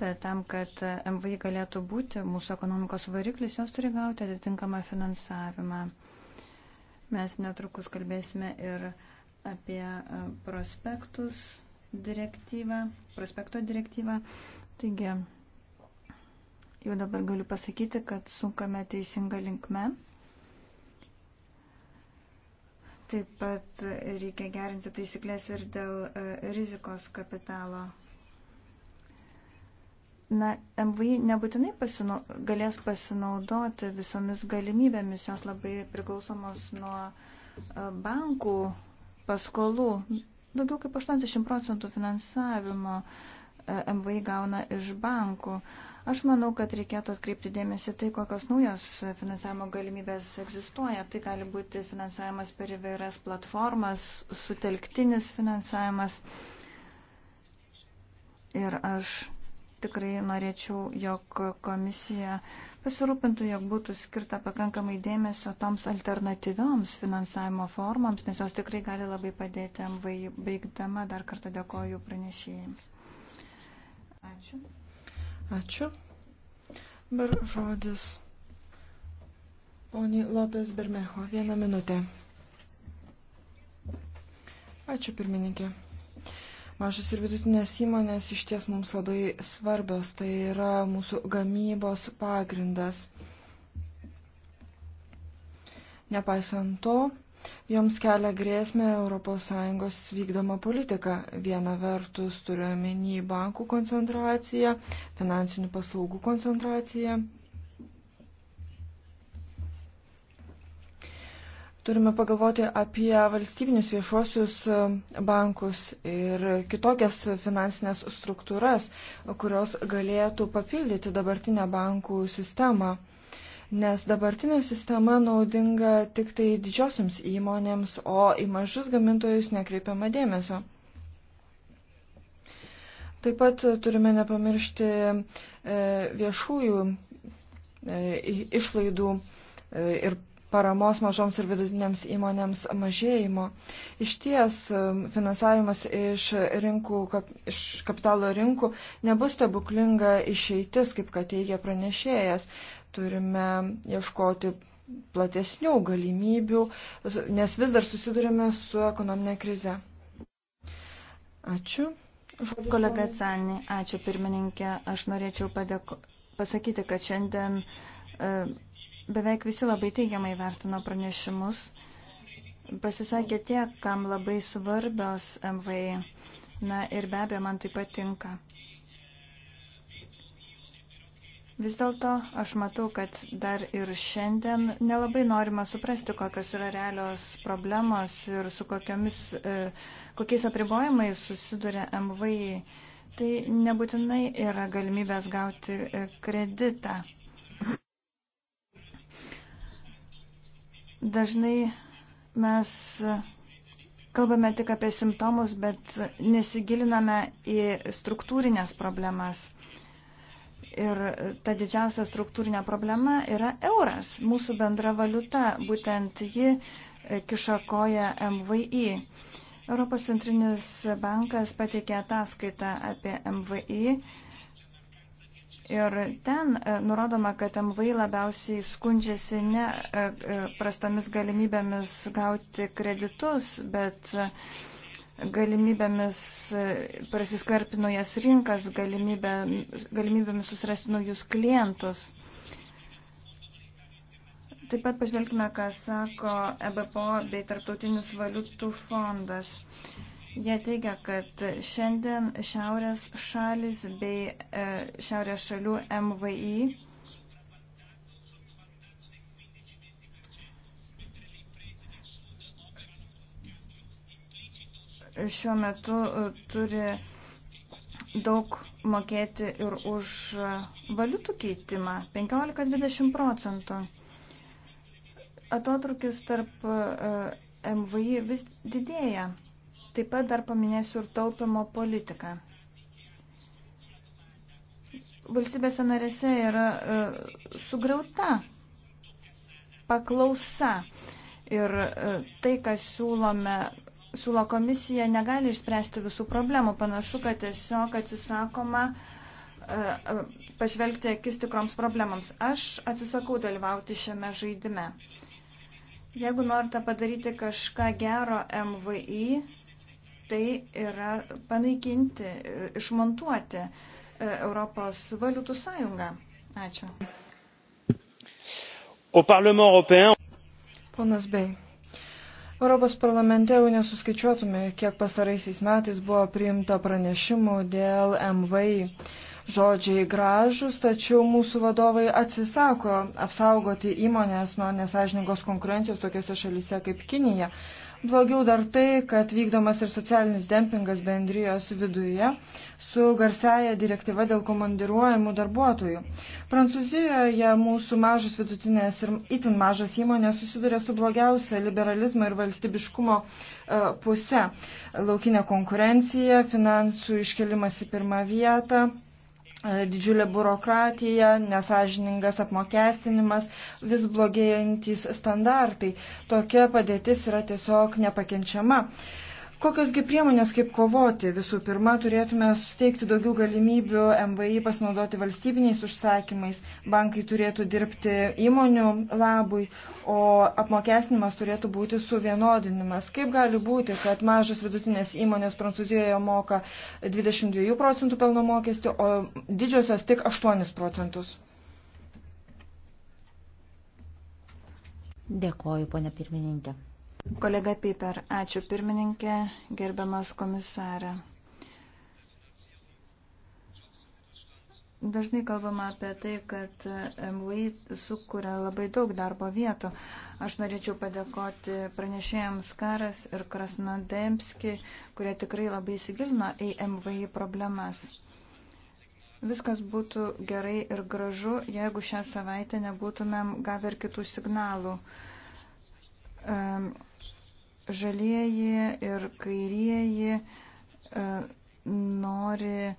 Bet tam, kad MVI galėtų būti mūsų ekonomikos variklis, jos turi gauti atitinkamą finansavimą. Mes netrukus kalbėsime ir apie e, prospektus direktyvą, prospekto direktyvą. Taigi, jau dabar galiu pasakyti, kad sunkame teisinga linkme. Taip pat reikia gerinti taisyklės ir dėl e, rizikos kapitalo. Na, MVI nebūtinai pasinau, galės pasinaudoti visomis galimybėmis, jos labai priklausomos nuo e, bankų paskolų. Daugiau kaip 80 procentų finansavimo e, MVI gauna iš bankų. Uh, Aš manau, kad reikėtų atkreipti dėmesį tai, kokios naujos finansavimo galimybės egzistuoja. Tai gali būti finansavimas per įvairias platformas, sutelktinis finansavimas. Ir aš tikrai norėčiau, jog komisija pasirūpintų, jog būtų skirta pakankamai dėmesio toms alternatyvioms finansavimo formams, nes jos tikrai gali labai padėti MVI. Baigdama dar kartą dėkoju pranešėjams. Ačiū. Ačiū. Dabar žodis poniai Lopės Bermeho. Vieną minutę. Ačiū pirmininkė. Mažas ir vidutinės įmonės iš ties mums labai svarbios, tai yra mūsų gamybos pagrindas. Nepaisant to, Joms kelia grėsmė ES vykdoma politika. Viena vertus turiuomenį bankų koncentraciją, finansinių paslaugų koncentraciją. Turime pagalvoti apie valstybinius viešuosius e, bankus ir kitokias finansinės struktūras, kurios galėtų papildyti dabartinę bankų sistemą nes dabartinė sistema naudinga tik tai didžiosiams įmonėms, o į mažus gamintojus nekreipiama dėmesio. Taip pat turime nepamiršti e, viešųjų e, išlaidų e, ir paramos mažoms ir vidutinėms įmonėms mažėjimo. Iš ties finansavimas iš, rinkų, kap, iš kapitalo rinkų nebus stebuklinga išeitis, kaip kad teigia pranešėjas, turime ieškoti platesnių galimybių, nes vis dar susidurime su ekonominė krize. Ačiū. Žodis Kolega Cani, ačiū pirmininkė. Aš norėčiau padėko, pasakyti, kad šiandien e, beveik visi labai teigiamai vertino pranešimus. Pasisakė tie, kam labai svarbios MVI. Na ir be abejo, man tai patinka. Vis dėlto aš matau, kad dar ir šiandien nelabai norima suprasti, kokios yra realios problemos ir su kokiamis, e, kokiais apribojimais susiduria MVI. Tai nebūtinai yra galimybės gauti e, kreditą. Dažnai mes kalbame tik apie simptomus, bet nesigiliname į struktūrinės problemas Ir ta didžiausia struktūrinė problema yra euras, mūsų bendra valiuta, būtent ji e, kišakoja MVI. Europos centrinis bankas pateikė ataskaitą apie MVI ir ten e, nurodoma, kad MVI labiausiai skundžiasi ne e, prastomis galimybėmis gauti kreditus, bet galimybėmis e, prasiskarpti naujas rinkas, galimybė, galimybėmis susirasti naujus klientus. Taip pat pažvelgime, ką sako EBPO bei Tarptautinis valiutų fondas. Jie teigia, kad šiandien šiaurės šalis bei e, šiaurės šalių MVI šiuo metu e, turi daug mokėti ir už e, valiutų keitimą - 15-20 procentų. Atotrukis tarp e, MVI vis didėja. Taip pat dar paminėsiu ir taupimo politiką. Valstybėse narėse yra sugriauta paklausa ir tai, ką siūlome siūlo komisija negali išspręsti visų problemų. Panašu, kad tiesiog atsisakoma e, e, pažvelgti akis tikroms problemams. Aš atsisakau dalyvauti šiame žaidime. Jeigu norite padaryti kažką gero MVI, tai yra panaikinti, e, išmontuoti Europos valiutų sąjungą. Ačiū. Ponas Bei. Europos parlamente jau nesuskaičiuotume, kiek pasaraisiais metais buvo priimta pranešimų dėl MVI. Žodžiai gražus, tačiau mūsų vadovai atsisako apsaugoti įmonės nuo nesažiningos konkurencijos tokiuose šalyse kaip Kinija. Blogiau dar tai, kad vykdomas ir socialinis dempingas bendrijos viduje su garsiaja direktyva dėl komandiruojamų darbuotojų. Prancūzijoje mūsų mažos vidutinės ir itin mažos įmonės susiduria su blogiausia liberalizmo ir valstybiškumo e, puse. Laukinė konkurencija, finansų iškelimas į pirmą vietą. E, didžiulė biurokratija, nesažiningas apmokestinimas, vis blogėjantys standartai. Tokia padėtis yra tiesiog nepakenčiama. Uh, Kokiosgi priemonės, kaip kovoti? Visų pirma, turėtume suteikti daugiau galimybių MVI pasinaudoti valstybiniais užsakymais, bankai turėtų dirbti įmonių labui, o apmokestinimas turėtų būti suvienodinimas. Kaip gali būti, kad mažas vidutinės įmonės Prancūzijoje moka 22 procentų pelno mokestį, o didžiosios tik 8 procentus? Dėkoju, ponia pirmininkė. Kolega Piper, ačiū pirmininkė, gerbiamas komisarė. Dažnai kalbama apie tai, kad MVI sukuria labai daug darbo vietų. Aš norėčiau padėkoti pranešėjams Karas ir Krasnodemski, kurie tikrai labai įsigilino į MVI problemas. Viskas būtų gerai ir gražu, jeigu šią savaitę nebūtumėm gavę ir kitų signalų. Um, žalieji ir kairieji e, nori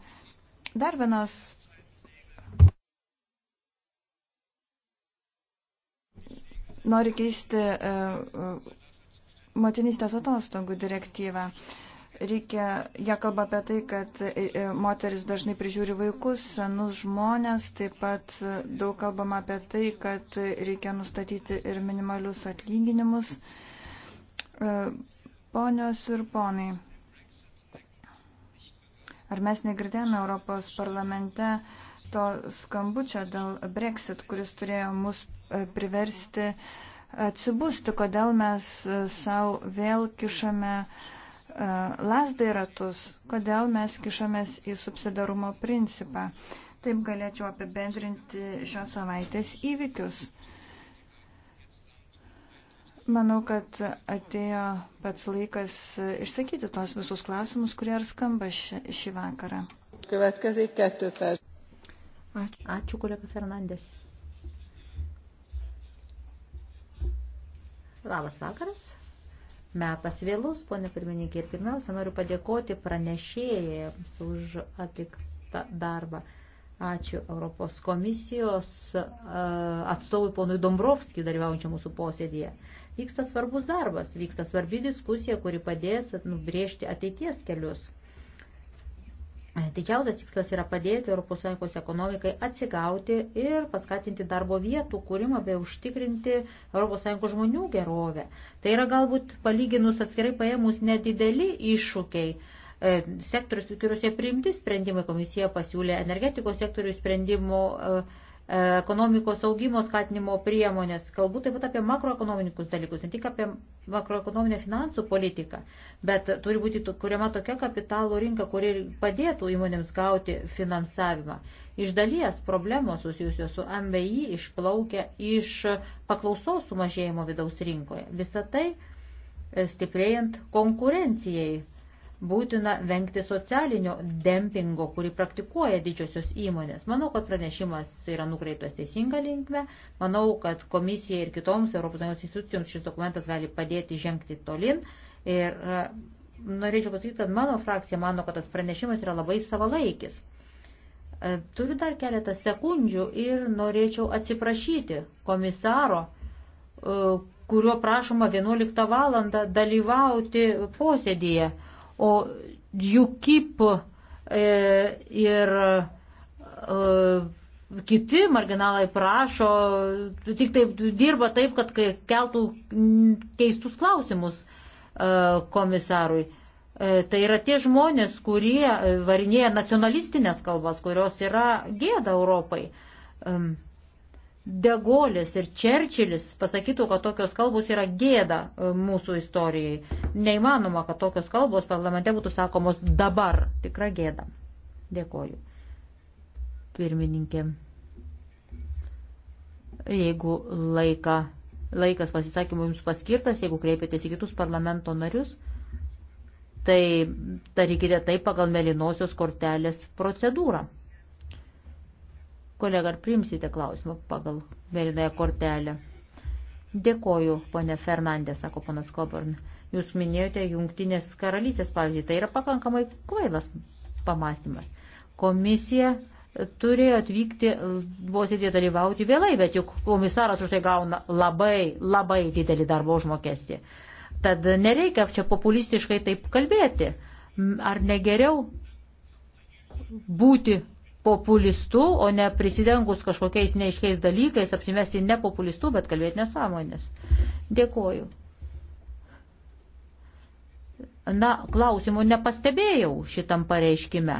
dar vienas nori keisti e, e, motinystės atostogų direktyvą. Reikia, jie kalba apie tai, kad moteris dažnai prižiūri vaikus, senus žmonės, taip pat daug kalbama apie tai, kad reikia nustatyti ir minimalius atlyginimus. Uh, E, ponios ir ponai, ar mes negirdėjome Europos parlamente to skambučio dėl Brexit, kuris turėjo mus e, priversti atsibusti, kodėl mes e, savo vėl kišame lasdai ratus, kodėl mes kišamės į subsidarumo principą. Taip galėčiau apibendrinti šios savaitės įvykius. Manau, kad atėjo pats laikas išsakyti tuos visus klausimus, kurie ar skamba šį, šį vakarą. Ačiū, Ačiū kolega Fernandes. Labas vakaras. Metas vėlus, ponė pirmininkė. Ir pirmiausia, noriu padėkoti pranešėjams už atliktą darbą. Ačiū Europos komisijos atstovui ponui Dombrovskijui dalyvaujančiam mūsų posėdėje. Vyksta svarbus darbas, vyksta svarbi diskusija, kuri padės nubrėžti ateities kelius. Didžiausias tikslas yra padėti ES ekonomikai atsigauti ir paskatinti darbo vietų kūrimą bei užtikrinti ES žmonių gerovę. Tai yra galbūt palyginus atskirai paėmus nedideli iššūkiai. E, sektorius, kuriuose priimti sprendimai, komisija pasiūlė energetikos sektorių sprendimų e, ekonomikos augimo skatinimo priemonės, kalbu taip pat apie makroekonominikus dalykus, ne tik apie makroekonominę finansų politiką, bet turi būti kuriama tokia kapitalo rinka, kuri padėtų įmonėms gauti finansavimą. Iš dalies problemos susijusios su MVI išplaukia iš paklausos sumažėjimo vidaus rinkoje. Visą tai stiprėjant konkurencijai būtina vengti socialinio dempingo, kurį praktikuoja didžiosios įmonės. Manau, kad pranešimas yra nukreiptas teisinga linkme. Manau, kad komisija ir kitoms ES institucijoms šis dokumentas gali padėti žengti tolin. Ir e, norėčiau pasakyti, kad mano frakcija mano, kad tas pranešimas yra labai savalaikis. E, turiu dar keletą sekundžių ir norėčiau atsiprašyti komisaro, e, kuriuo prašoma 11 val. dalyvauti posėdėje O UKIP e, ir e, kiti marginalai prašo, tik taip dirba taip, kad keltų keistus klausimus e, komisarui. Tai yra tie žmonės, kurie varinėja nacionalistinės kalbas, kurios yra gėda Europai. Degolis ir Čerčilis pasakytų, kad tokios kalbos yra gėda mūsų istorijai. Neįmanoma, kad tokios kalbos parlamente būtų sakomos dabar. Tikra gėda. Dėkoju. Pirmininkė. Jeigu laika, laikas pasisakymų jums paskirtas, jeigu kreipiatės į kitus parlamento narius, tai darykite tai pagal melinosios kortelės procedūrą. Kolega, ar priimsite klausimą pagal mėlynąją kortelę? Dėkoju, ponė Fernandė, sako ponas Koburn. Jūs minėjote jungtinės karalystės pavyzdį. Tai yra pakankamai kvailas pamastymas. Komisija turėjo atvykti, buvo sėdė dalyvauti vėlai, bet juk komisaras už tai gauna labai, labai didelį darbo užmokestį. Tad nereikia čia populistiškai taip kalbėti. Ar negeriau būti populistu, o ne prisidengus kažkokiais neiškiais dalykais, apsimesti ne populistu, bet kalbėti nesąmonės. Dėkoju na, klausimų nepastebėjau šitam pareiškime.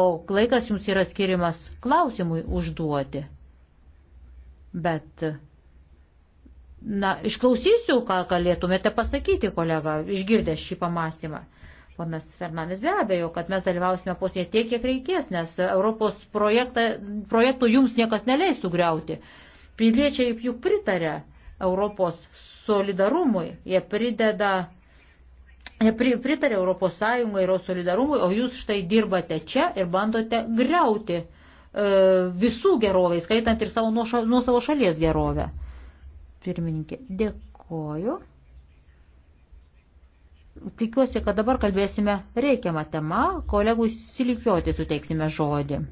O laikas jums yra skirimas klausimui užduoti. Bet, na, išklausysiu, ką galėtumėte pasakyti, kolega, išgirdęs šį pamastymą. Ponas Fernandes be abejo, kad mes dalyvausime posėje tiek, kiek reikės, nes Europos projektų jums niekas neleis sugriauti. Piliečiai juk pritarė Europos solidarumui, jie prideda uh, pritarė Europos Sąjungai ir solidarumui, o jūs štai dirbate čia ir bandote greuti e, visų gerovę, skaitant ir savo nuo, nuo savo šalies gerovę. Pirmininkė, dėkoju. Tikiuosi, kad dabar kalbėsime reikiamą temą, kolegų silikiuoti suteiksime žodį.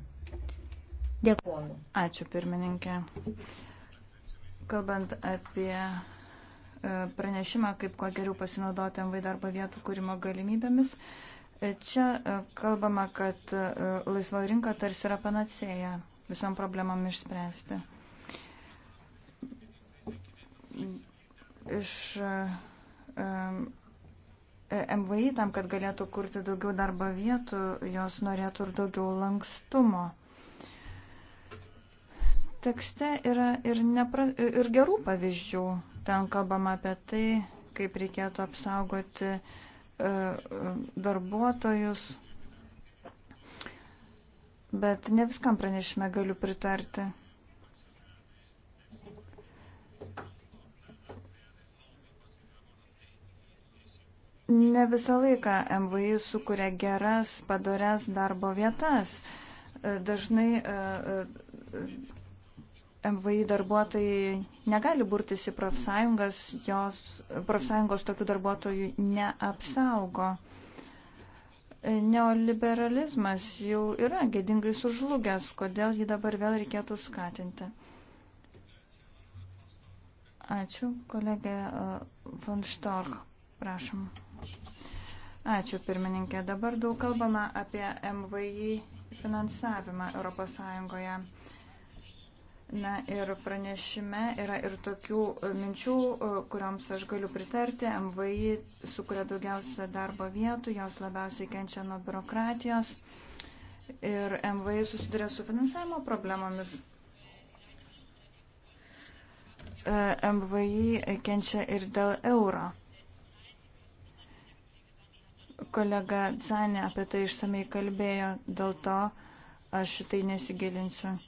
Dėkoju. Ačiū pirmininkė. Kalbant apie E, pranešimą, kaip kuo geriau pasinaudoti MV darbo vietų kūrimo galimybėmis. E, čia e, kalbama, kad laisvoji rinka tarsi yra panacėja visom problemam išspręsti. Iš MVI tam, kad galėtų kurti daugiau darbo vietų, jos norėtų ir daugiau lankstumo tekste yra ir, nepra, ir gerų pavyzdžių. Ten kalbama apie tai, kaip reikėtų apsaugoti e, e, darbuotojus. Bet ne viskam pranešime galiu pritarti. ne visą laiką MVI sukuria geras, padorias darbo vietas. E, dažnai MVI darbuotojai negali burtis į profsąjungas, jos profsąjungos tokių darbuotojų neapsaugo. Neoliberalizmas jau yra gėdingai sužlugęs, kodėl jį dabar vėl reikėtų skatinti. Ačiū, kolegė uh, von Storch, prašom. Ačiū, pirmininkė. Dabar daug kalbama apie MVI finansavimą Europos Sąjungoje. Na ir pranešime yra ir tokių e, minčių, e, kuriuoms aš galiu pritarti. MVI sukuria daugiausia darbo vietų, jos labiausiai kenčia nuo biurokratijos ir MVI susiduria su finansavimo problemomis. E, MVI kenčia ir dėl euro. Kolega Zanė apie tai išsamei kalbėjo, dėl to aš šitai nesigilinsiu.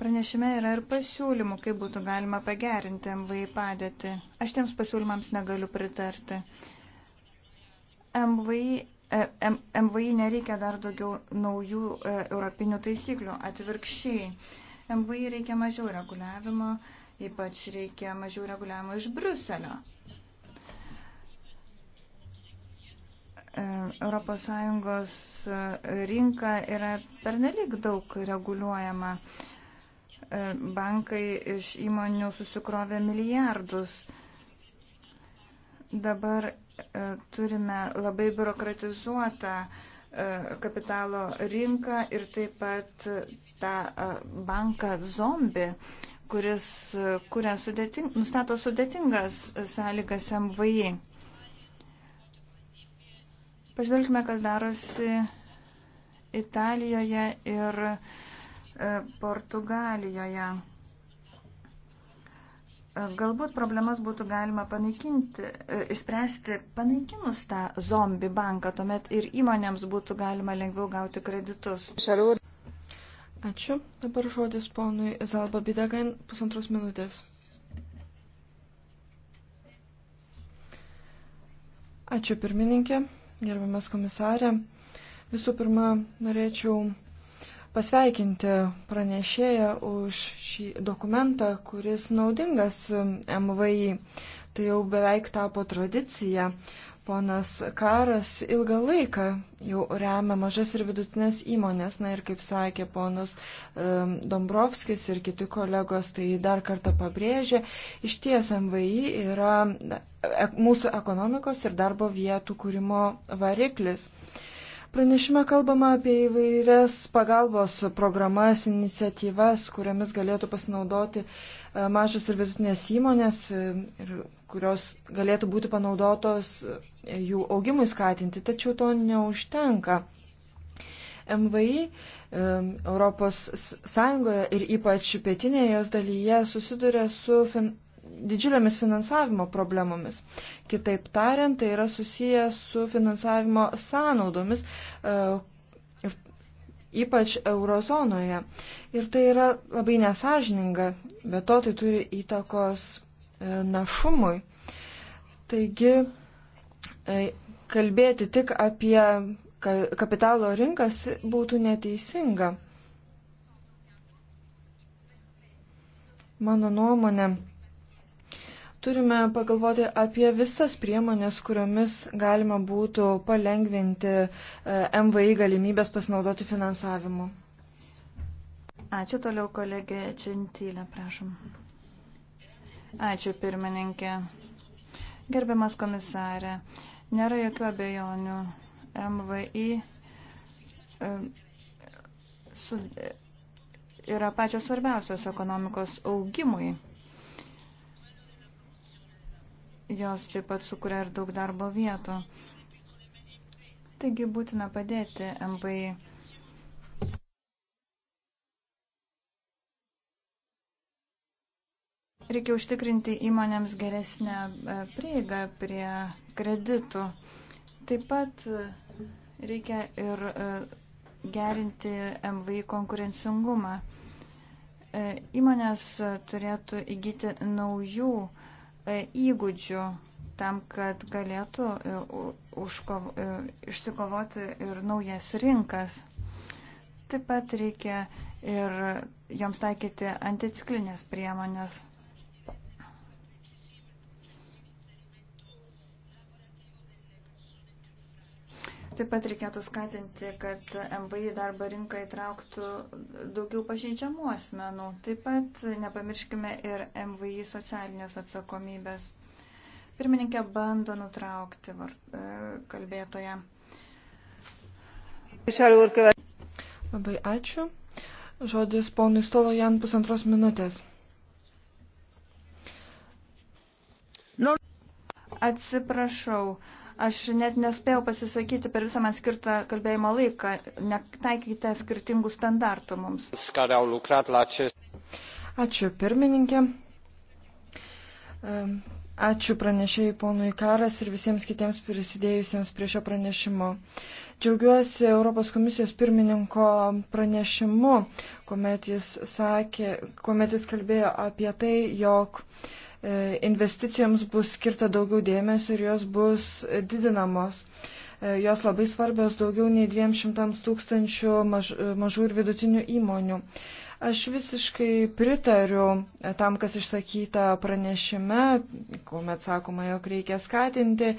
Pranešime yra ir pasiūlymų, kaip būtų galima pagerinti MVI padėtį. Aš tiems pasiūlymams negaliu pritarti. MVI, eh, MVI nereikia dar daugiau naujų eh, europinių taisyklių. Atvirkščiai, MVI reikia mažiau reguliavimo, ypač reikia mažiau reguliavimo iš Bruselio. ES e, rinka yra pernelyg daug reguliuojama. E, bankai iš įmonių susikrovė milijardus. Dabar e, turime labai biurokratizuotą e, kapitalo rinką ir taip pat tą banką zombi, kuris kuria sudėting, nustato sudėtingas sąlygas MVI. Pažvelgime, kas darosi Italijoje ir uh, E, Portugalijoje. E, galbūt problemas būtų galima panaikinti, e, išspręsti panaikinus tą zombi banką, tuomet ir įmonėms būtų galima lengviau gauti kreditus. Ačiū. Dabar žodis ponui Zalba Bidegain pusantros minutės. Ačiū pirmininkė, gerbiamas komisarė. Visų pirma, norėčiau pasveikinti pranešėją už šį dokumentą, kuris naudingas MVI. Tai jau beveik tapo tradicija. Ponas Karas ilgą laiką jau remia mažas ir vidutinės įmonės. Na ir kaip sakė ponas um, Dombrovskis ir kiti kolegos, tai dar kartą pabrėžė, iš ties MVI yra e, mūsų ekonomikos ir darbo vietų kūrimo variklis. Pranešime kalbama apie įvairias pagalbos programas, iniciatyvas, kuriomis galėtų pasinaudoti e, mažas ir vidutinės įmonės, e, ir kurios galėtų būti panaudotos e, jų augimui skatinti, tačiau to neužtenka. MVI Europos Sąjungoje ir ypač pietinėje jos dalyje susiduria su fin didžiulėmis finansavimo problemomis. Kitaip tariant, tai yra susiję su finansavimo sąnaudomis, e, ypač eurozonoje. Ir tai yra labai nesažininga, bet to tai turi įtakos e, našumui. Taigi, e, kalbėti tik apie kapitalo rinkas būtų neteisinga. Mano nuomonė, Turime pagalvoti apie visas priemonės, kuriomis galima būtų palengvinti e, MVI galimybės pasinaudoti finansavimu. Ačiū toliau, kolegė Čintylė, prašom. Ačiū, pirmininkė. Gerbiamas komisarė, nėra jokių abejonių. MVI e, yra pačios svarbiausios ekonomikos augimui. Jos taip pat sukuria ir daug darbo vietų. Taigi būtina padėti MBI. Reikia užtikrinti įmonėms geresnę e, prieigą prie kreditų. Taip pat e, reikia ir e, gerinti MVI konkurencingumą. Įmonės turėtų įgyti naujų E, įgūdžių tam, kad galėtų e, užkov, e, išsikovoti ir naujas rinkas. Taip pat reikia ir joms taikyti anticiklinės priemonės. Taip pat reikėtų skatinti, kad MVI darbo rinką įtrauktų daugiau pažeidžiamų asmenų. Taip pat nepamirškime ir MVI socialinės atsakomybės. Pirmininkė bando nutraukti var, e, kalbėtoje. Labai ačiū. Žodis ponui Stolojan pusantros minutės. Atsiprašau. Uh, Aš net nespėjau pasisakyti per visą man skirtą kalbėjimo laiką. Netaikykite skirtingų standartų mums. Ačiū pirmininkė. Ehm, Ačiū pranešėjai ponui Karas ir visiems kitiems prisidėjusiems prie šio pranešimo. Džiaugiuosi Europos komisijos pirmininko pranešimu, kuomet jis, sakė, kuomet jis kalbėjo apie tai, jog e, investicijoms bus skirta daugiau dėmesio ir jos bus didinamos. E, jos labai svarbios daugiau nei 200 tūkstančių maž, mažų ir vidutinių įmonių. Aš visiškai pritariu e, tam, kas išsakyta pranešime, kuomet sakoma, jog reikia skatinti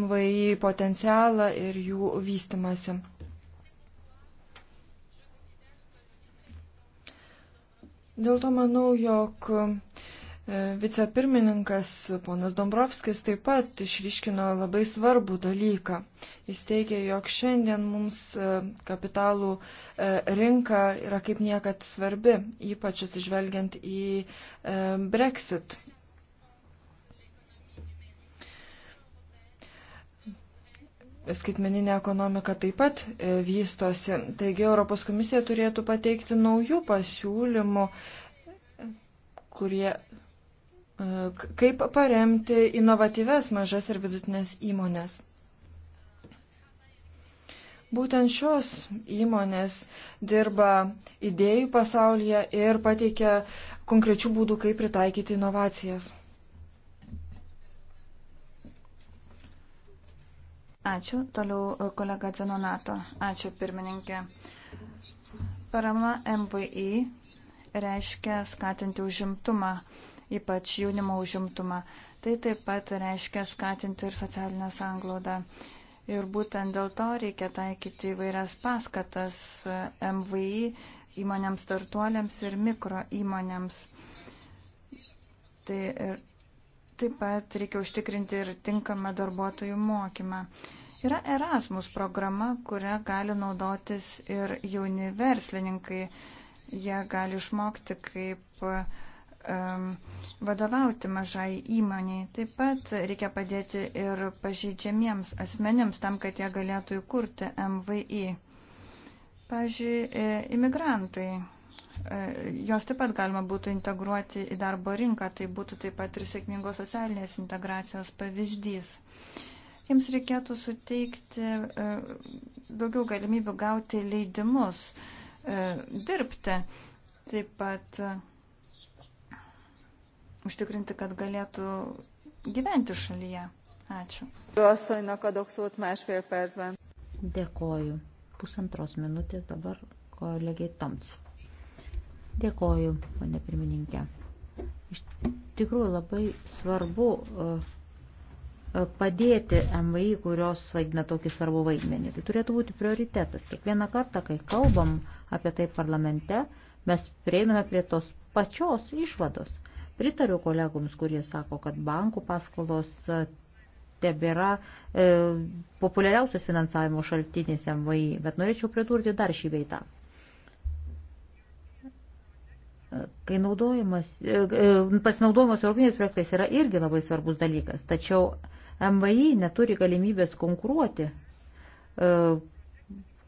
MVI potencialą ir jų vystimasi. Dėl to manau, jog E, vicepirmininkas ponas Dombrovskis taip pat išryškino labai svarbų dalyką. Jis teigia, jog šiandien mums e, kapitalų e, rinka yra kaip niekad svarbi, ypač atsižvelgiant į Brexit. Skaitmeninė ekonomika taip pat vystosi, taigi Europos komisija turėtų pateikti naujų pasiūlymų, kurie kaip paremti inovatyves mažas ir vidutinės įmonės. Būtent šios įmonės dirba idėjų pasaulyje ir pateikia konkrečių būdų, kaip pritaikyti inovacijas. Ačiū. Toliau e, kolega Zenonato. Ačiū, pirmininkė. Parama MVI reiškia skatinti užimtumą. Už ypač jaunimo užimtumą. Tai taip pat reiškia skatinti ir socialinę sanglaudą. Ir būtent dėl to reikia taikyti įvairias paskatas MVI įmonėms startuoliams ir mikro įmonėms. Tai ir taip pat reikia užtikrinti ir tinkamą darbuotojų mokymą. Yra Erasmus programa, kurią gali naudotis ir jauni verslininkai. Jie gali išmokti, kaip vadovauti mažai įmoniai. Taip pat reikia padėti ir pažeidžiamiems asmenims tam, kad jie galėtų įkurti MVI. Pavyzdžiui, e, imigrantai. E, Jos taip pat galima būtų integruoti į darbo rinką, tai būtų taip pat ir sėkmingos socialinės integracijos pavyzdys. Jiems reikėtų suteikti e, daugiau galimybių gauti leidimus dirbti. Taip pat užtikrinti, kad galėtų gyventi šalyje. Ačiū. Dėkoju. Pusantros minutės dabar kolegiai Toms. Dėkoju, ponė pirmininkė. Iš tikrųjų labai svarbu e, e, padėti MVI, kurios vaidina tokį svarbų vaidmenį. Tai turėtų būti prioritetas. Kiekvieną kartą, kai kalbam apie tai parlamente, mes prieiname prie tos pačios išvados – Pritariu kolegoms, kurie sako, kad bankų paskolos tebėra e, populiariausios finansavimo šaltinis MVI, bet norėčiau pridurti dar šį veitą. Kai naudojimas, e, e, pasinaudojimas europiniais projektais yra irgi labai svarbus dalykas, tačiau MVI neturi galimybės konkuruoti e,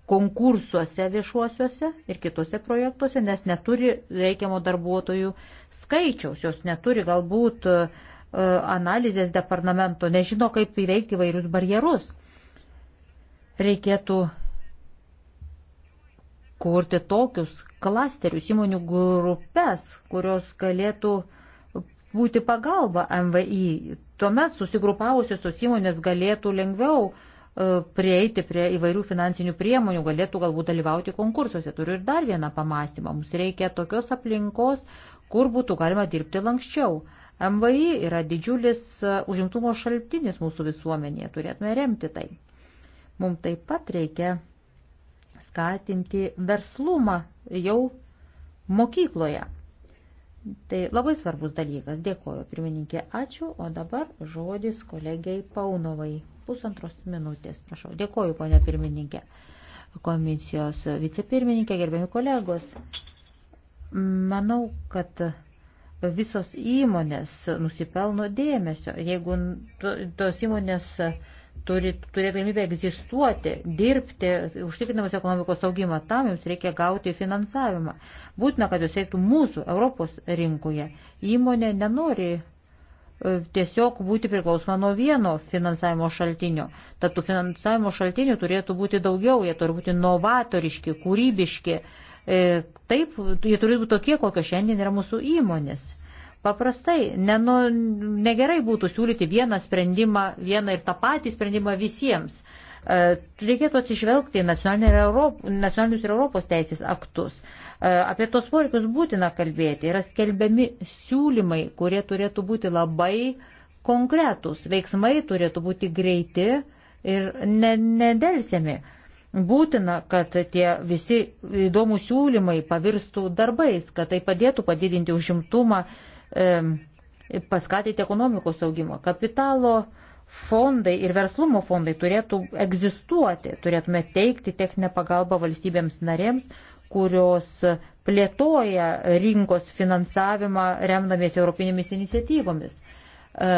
konkursuose viešuosiuose ir kitose projektuose, nes neturi reikiamo darbuotojų skaičiaus, jos neturi galbūt e, analizės departamento, nežino, kaip įveikti vairius barjerus. Reikėtų kurti tokius klasterius, įmonių grupės, kurios galėtų būti pagalba MVI. Tuomet susigrupavusios tos įmonės galėtų lengviau uh, E, prieiti prie įvairių finansinių priemonių, galėtų galbūt dalyvauti konkursuose. Turiu ir dar vieną pamastymą. Mums reikia tokios aplinkos, kur būtų galima dirbti lankščiau. MVI yra didžiulis e, užimtumo šaltinis mūsų visuomenėje, turėtume remti tai. Mums taip pat reikia skatinti verslumą jau mokykloje. Tai labai svarbus dalykas. Dėkoju, pirmininkė, ačiū, o dabar žodis kolegiai Paunovai pusantros minutės, prašau. Dėkoju, ponia pirmininkė, komisijos vicepirmininkė, gerbiami kolegos. Manau, kad visos įmonės nusipelno dėmesio. Jeigu tos įmonės turi turėti galimybę egzistuoti, dirbti, užtikrinamas ekonomikos augimą, tam jums reikia gauti finansavimą. Būtina, kad jūs veiktų mūsų Europos rinkoje. Įmonė nenori E, tiesiog būti priklausoma nuo vieno finansavimo šaltinio. Tad tų finansavimo šaltinių turėtų būti daugiau, jie turi būti novatoriški, kūrybiški. E, taip, jie turi būti tokie, kokios šiandien yra mūsų įmonės. Paprastai nenu, negerai būtų siūlyti vieną sprendimą, vieną ir tą patį sprendimą visiems. E, reikėtų atsižvelgti į nacionalinius ir Europos teisės aktus. E, apie tos poreikius būtina kalbėti. Yra skelbiami siūlymai, kurie turėtų būti labai konkretūs. Veiksmai turėtų būti greiti ir nedelsiami. Būtina, kad tie visi įdomų siūlymai pavirstų darbais, kad tai padėtų padidinti užimtumą, paskatinti ekonomikos augimą, kapitalo uh, fondai ir verslumo fondai turėtų egzistuoti, turėtume teikti techninę pagalbą valstybėms narėms, kurios plėtoja rinkos finansavimą remdamiesi europinėmis iniciatyvomis. E,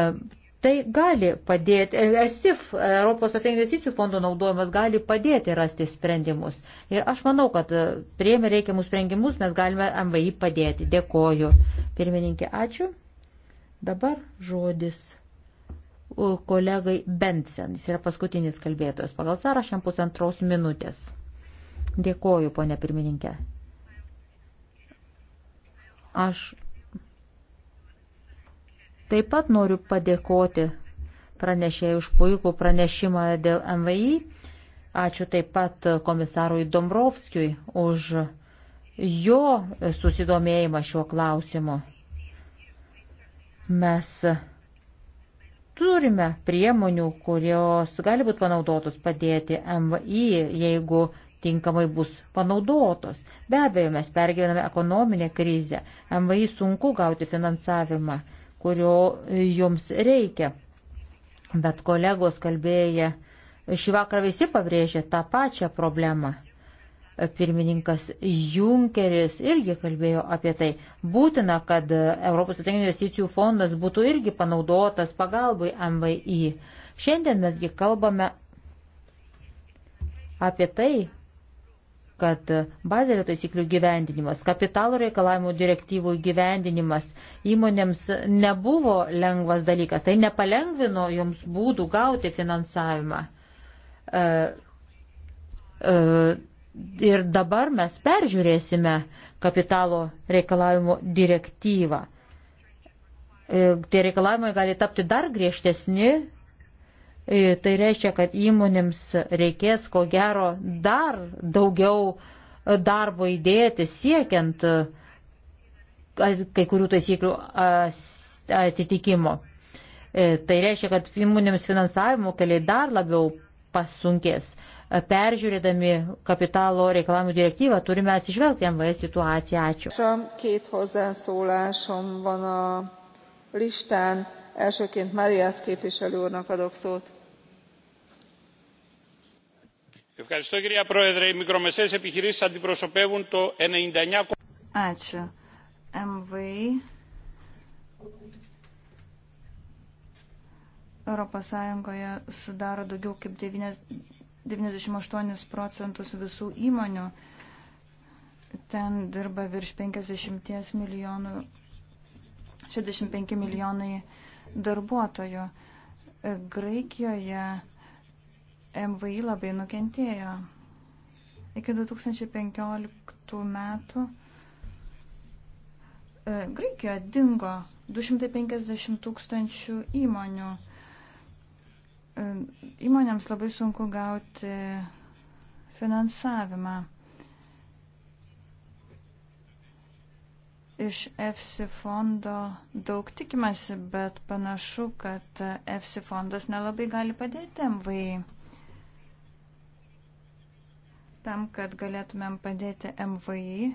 tai gali padėti, ESIF, Europos investicijų fondo naudojimas gali padėti rasti sprendimus. Ir aš manau, kad e, prieimė reikiamus sprendimus mes galime MVI padėti. Dėkoju. Pirmininkė, ačiū. Dabar žodis kolegai Bensen. Jis yra paskutinis kalbėtojas pagal sąrašą pusantros minutės. Dėkoju, ponė pirmininkė. Aš taip pat noriu padėkoti pranešėjai už puikų pranešimą dėl MVI. Ačiū taip pat komisarui Dombrovskijui už jo susidomėjimą šiuo klausimu. Mes turime priemonių, kurios gali būti panaudotos padėti MVI, jeigu tinkamai bus panaudotos. Be abejo, mes pergyvename ekonominę krizę. MVI sunku gauti finansavimą, kurio joms reikia. Bet kolegos kalbėję šį vakarą visi pabrėžė tą pačią problemą pirmininkas Junkeris irgi kalbėjo apie tai. Būtina, kad Europos strateginių investicijų fondas būtų irgi panaudotas pagalbai MVI. Šiandien mesgi kalbame apie tai, kad bazelio taisyklių gyvendinimas, kapitalo reikalavimų direktyvų gyvendinimas įmonėms nebuvo lengvas dalykas. Tai nepalengvino joms būdų gauti finansavimą. Uh, e, uh, e, ir dabar mes peržiūrėsime kapitalo reikalavimo direktyvą. E, tie reikalavimai gali tapti dar griežtesni. E, tai reiškia, kad įmonėms reikės ko gero dar daugiau e, darbo įdėti siekiant kai kurių taisyklių atitikimo. Tai reiškia, kad įmonėms finansavimo keliai dar labiau pasunkės peržiūrėdami kapitalo reikalavimų direktyvą turime atsižvelgti MVS situaciją. Ačiū. Ευχαριστώ κυρία Πρόεδρε. Οι μικρομεσαίες επιχειρήσεις αντιπροσωπεύουν το 99... Ačiū. MVI Europos Sąjungoje sudaro daugiau kaip 9, 98 procentus visų įmonių. Ten dirba virš 50 milijonų, 65 milijonai darbuotojų. Graikijoje MVI labai nukentėjo. Iki 2015 metų e, Graikijoje dingo 250 tūkstančių įmonių. Įmonėms labai sunku gauti finansavimą iš EFSI fondo daug tikimasi, bet panašu, kad EFSI fondas nelabai gali padėti MVI. Tam, kad galėtumėm padėti MVI,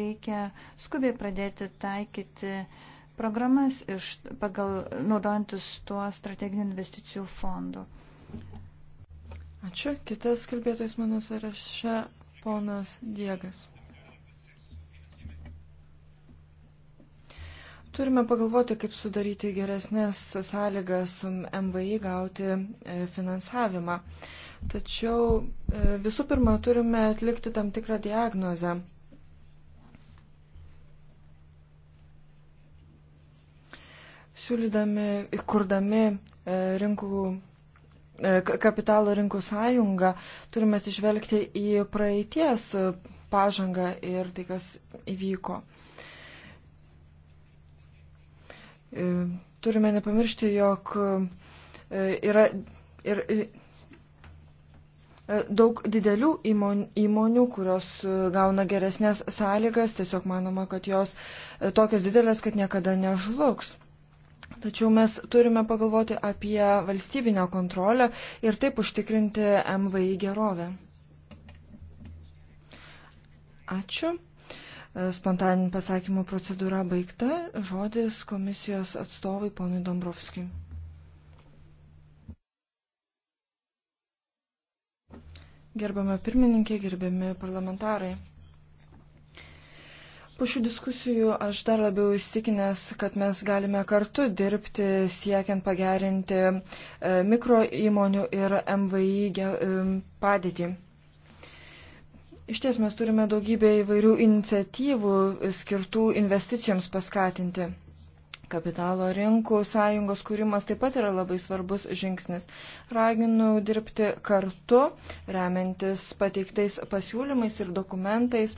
reikia skubiai pradėti taikyti uh, programas iš, pagal, naudojantis tuo strateginių investicijų fondu. Ačiū. Kitas kalbėtojas mano sąraše ponas Diegas. Turime pagalvoti, kaip sudaryti geresnės sąlygas MVI gauti e, finansavimą. Tačiau e, visų pirma, turime atlikti tam tikrą diagnozę. siūlydami, įkurdami e, rinkų e, kapitalo rinkų sąjungą, turime atsižvelgti į praeities e, pažangą ir tai, kas įvyko. Turime nepamiršti, jog yra ir daug didelių įmonių, kurios gauna geresnės sąlygas, tiesiog manoma, kad jos tokios didelės, kad niekada nežlugs. Tačiau mes turime pagalvoti apie valstybinę kontrolę ir taip užtikrinti MVI gerovę. Ačiū. Spontaninė pasakymo procedūra baigta. Žodis komisijos atstovai ponui Dombrovskijui. Gerbama pirmininkė, gerbiami parlamentarai. Po šių diskusijų aš dar labiau įstikinęs, kad mes galime kartu dirbti siekiant pagerinti e, mikro įmonių ir MVI e, padėtį. Iš ties mes turime daugybę įvairių iniciatyvų skirtų investicijoms paskatinti. Kapitalo rinkų sąjungos kūrimas taip pat yra labai svarbus žingsnis. Raginu dirbti kartu, remiantis pateiktais pasiūlymais ir dokumentais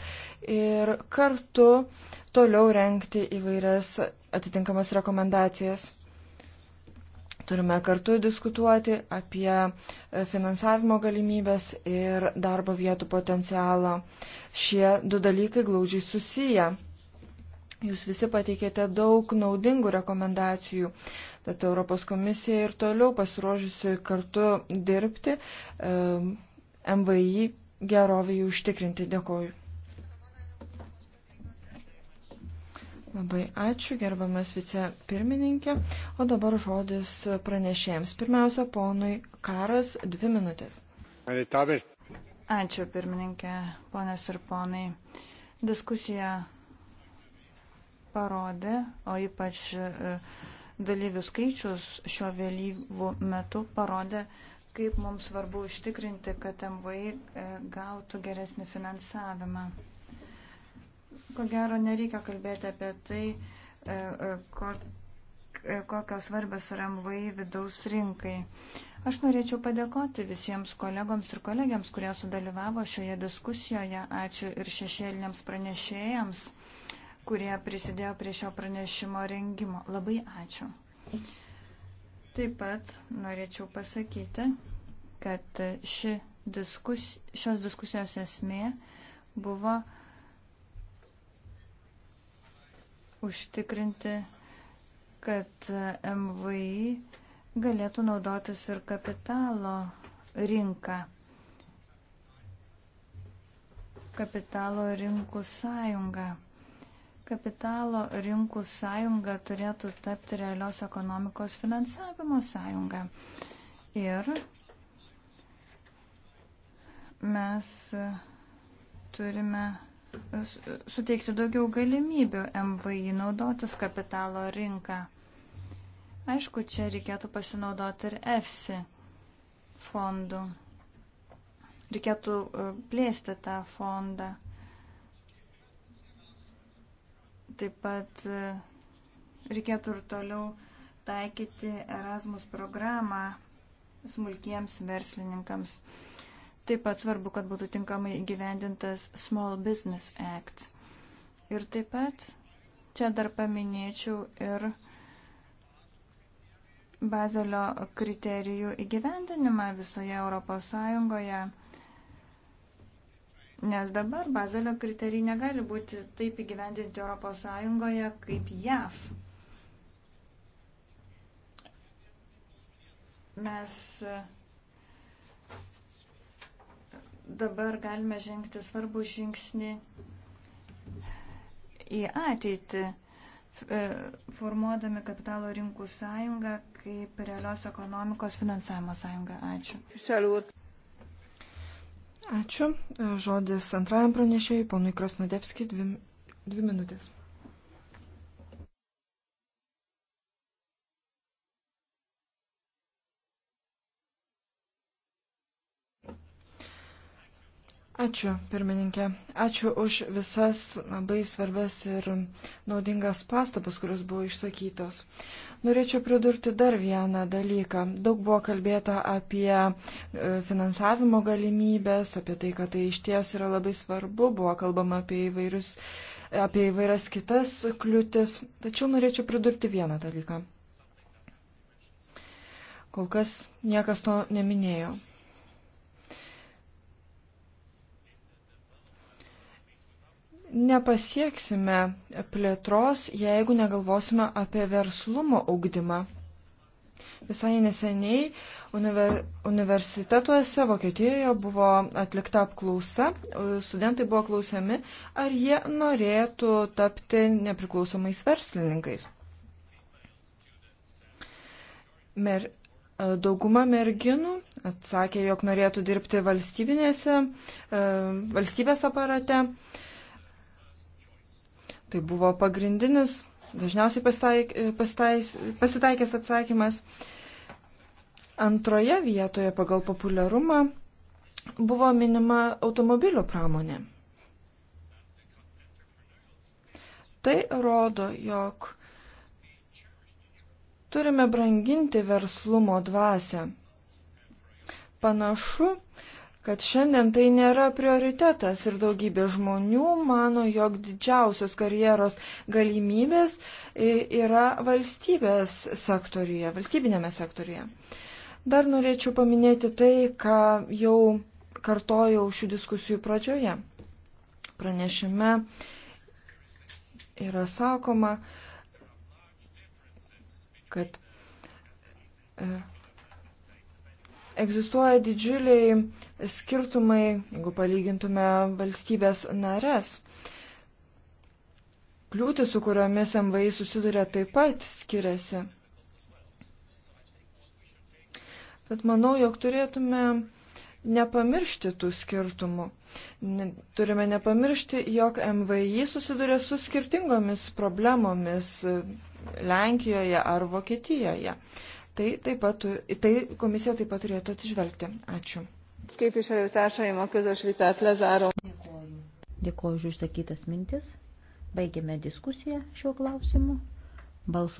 ir kartu toliau renkti įvairias atitinkamas rekomendacijas. Turime kartu diskutuoti apie finansavimo galimybės ir darbo vietų potencialą. Šie du dalykai glaudžiai susiję. Jūs visi pateikėte daug naudingų rekomendacijų. Tad Europos komisija ir toliau pasiruošusi kartu dirbti MVI gerovį užtikrinti. Dėkoju. Labai ačiū, gerbamas vicepirmininkė. O dabar žodis pranešėjams. Pirmiausia, ponui Karas, dvi minutės. Ačiū, pirmininkė, ponės ir ponai. Diskusija parodė, o ypač e, dalyvių skaičius šiuo vėlyvų metu parodė, kaip mums svarbu užtikrinti, kad MVI e, gautų geresnį finansavimą. Ko gero, nereikia kalbėti apie tai, e, kokios svarbios yra MVI vidaus rinkai. Aš norėčiau padėkoti visiems kolegoms ir kolegiams, kurie sudalyvavo šioje diskusijoje. Ačiū ir šešėliniams pranešėjams kurie prisidėjo prie šio pranešimo rengimo. Labai ačiū. Taip pat norėčiau pasakyti, kad ši diskus, šios diskusijos esmė buvo užtikrinti, kad MVI galėtų naudotis ir kapitalo rinką, kapitalo rinkų sąjungą. Kapitalo rinkų sąjunga turėtų tapti realios ekonomikos finansavimo sąjunga. Ir mes turime suteikti daugiau galimybių MVI naudotis kapitalo rinką. Aišku, čia reikėtų pasinaudoti ir EFSI fondų. Reikėtų e, plėsti tą fondą. Taip pat e, reikėtų ir toliau taikyti Erasmus programą smulkiems verslininkams. Taip pat svarbu, kad būtų tinkamai įgyvendintas Small Business Act. Ir taip pat čia dar paminėčiau ir Bazelio kriterijų įgyvendinimą visoje Europos Sąjungoje. Nes dabar Bazelio kriterijai negali būti taip įgyvendinti ES kaip JAV. Mes e, dabar galime žengti svarbų žingsnį į ateitį, e, formuodami kapitalo rinkų sąjungą kaip realios ekonomikos finansavimo sąjungą. Ačiū. Ačiū. Žodis antrajam pranešėjai, ponui Krasnodepskijai, dvi, dvi minutės. Ačiū, pirmininkė. Ačiū už visas labai svarbes ir naudingas pastabas, kurios buvo išsakytos. Norėčiau pridurti dar vieną dalyką. Daug buvo kalbėta apie e, finansavimo galimybės, apie tai, kad tai iš ties yra labai svarbu, buvo kalbama apie, įvairius, apie įvairias kitas kliūtis. Tačiau norėčiau pridurti vieną dalyką. Kol kas niekas to neminėjo. nepasieksime plėtros, jeigu negalvosime apie verslumo augdymą. Visai neseniai univer, universitetuose Vokietijoje buvo atlikta apklausa, studentai buvo klausiami, ar jie norėtų tapti nepriklausomais verslininkais. Mer, dauguma merginų atsakė, jog norėtų dirbti valstybinėse, e, valstybės aparate. Tai buvo pagrindinis, dažniausiai pasitaik, pasitais, pasitaikęs atsakymas. Antroje vietoje pagal populiarumą buvo minima automobilių pramonė. Tai rodo, jog turime branginti verslumo dvasę. Panašu, kad šiandien tai nėra prioritetas ir daugybė žmonių mano, jog didžiausios karjeros galimybės yra valstybės sektoriuje, valstybinėme sektoriuje. Dar norėčiau paminėti tai, ką jau kartojau šių diskusijų pradžioje. Pranešime yra sakoma, kad e, egzistuoja didžiuliai skirtumai, jeigu palygintume valstybės nares. Kliūtis, su kuriomis MVI susiduria, taip pat skiriasi. Bet manau, jog turėtume nepamiršti tų skirtumų. Turime nepamiršti, jog MVI susiduria su skirtingomis problemomis Lenkijoje ar Vokietijoje. Tai, taip pat, tai komisija taip pat turėtų atsižvelgti. Ačiū. Képviselőtársaim, a közös vitát lezárom. Dėkoju. Dėkoju už išsakytas mintis. Baigėme diskusiją šiuo klausimu. Balsuo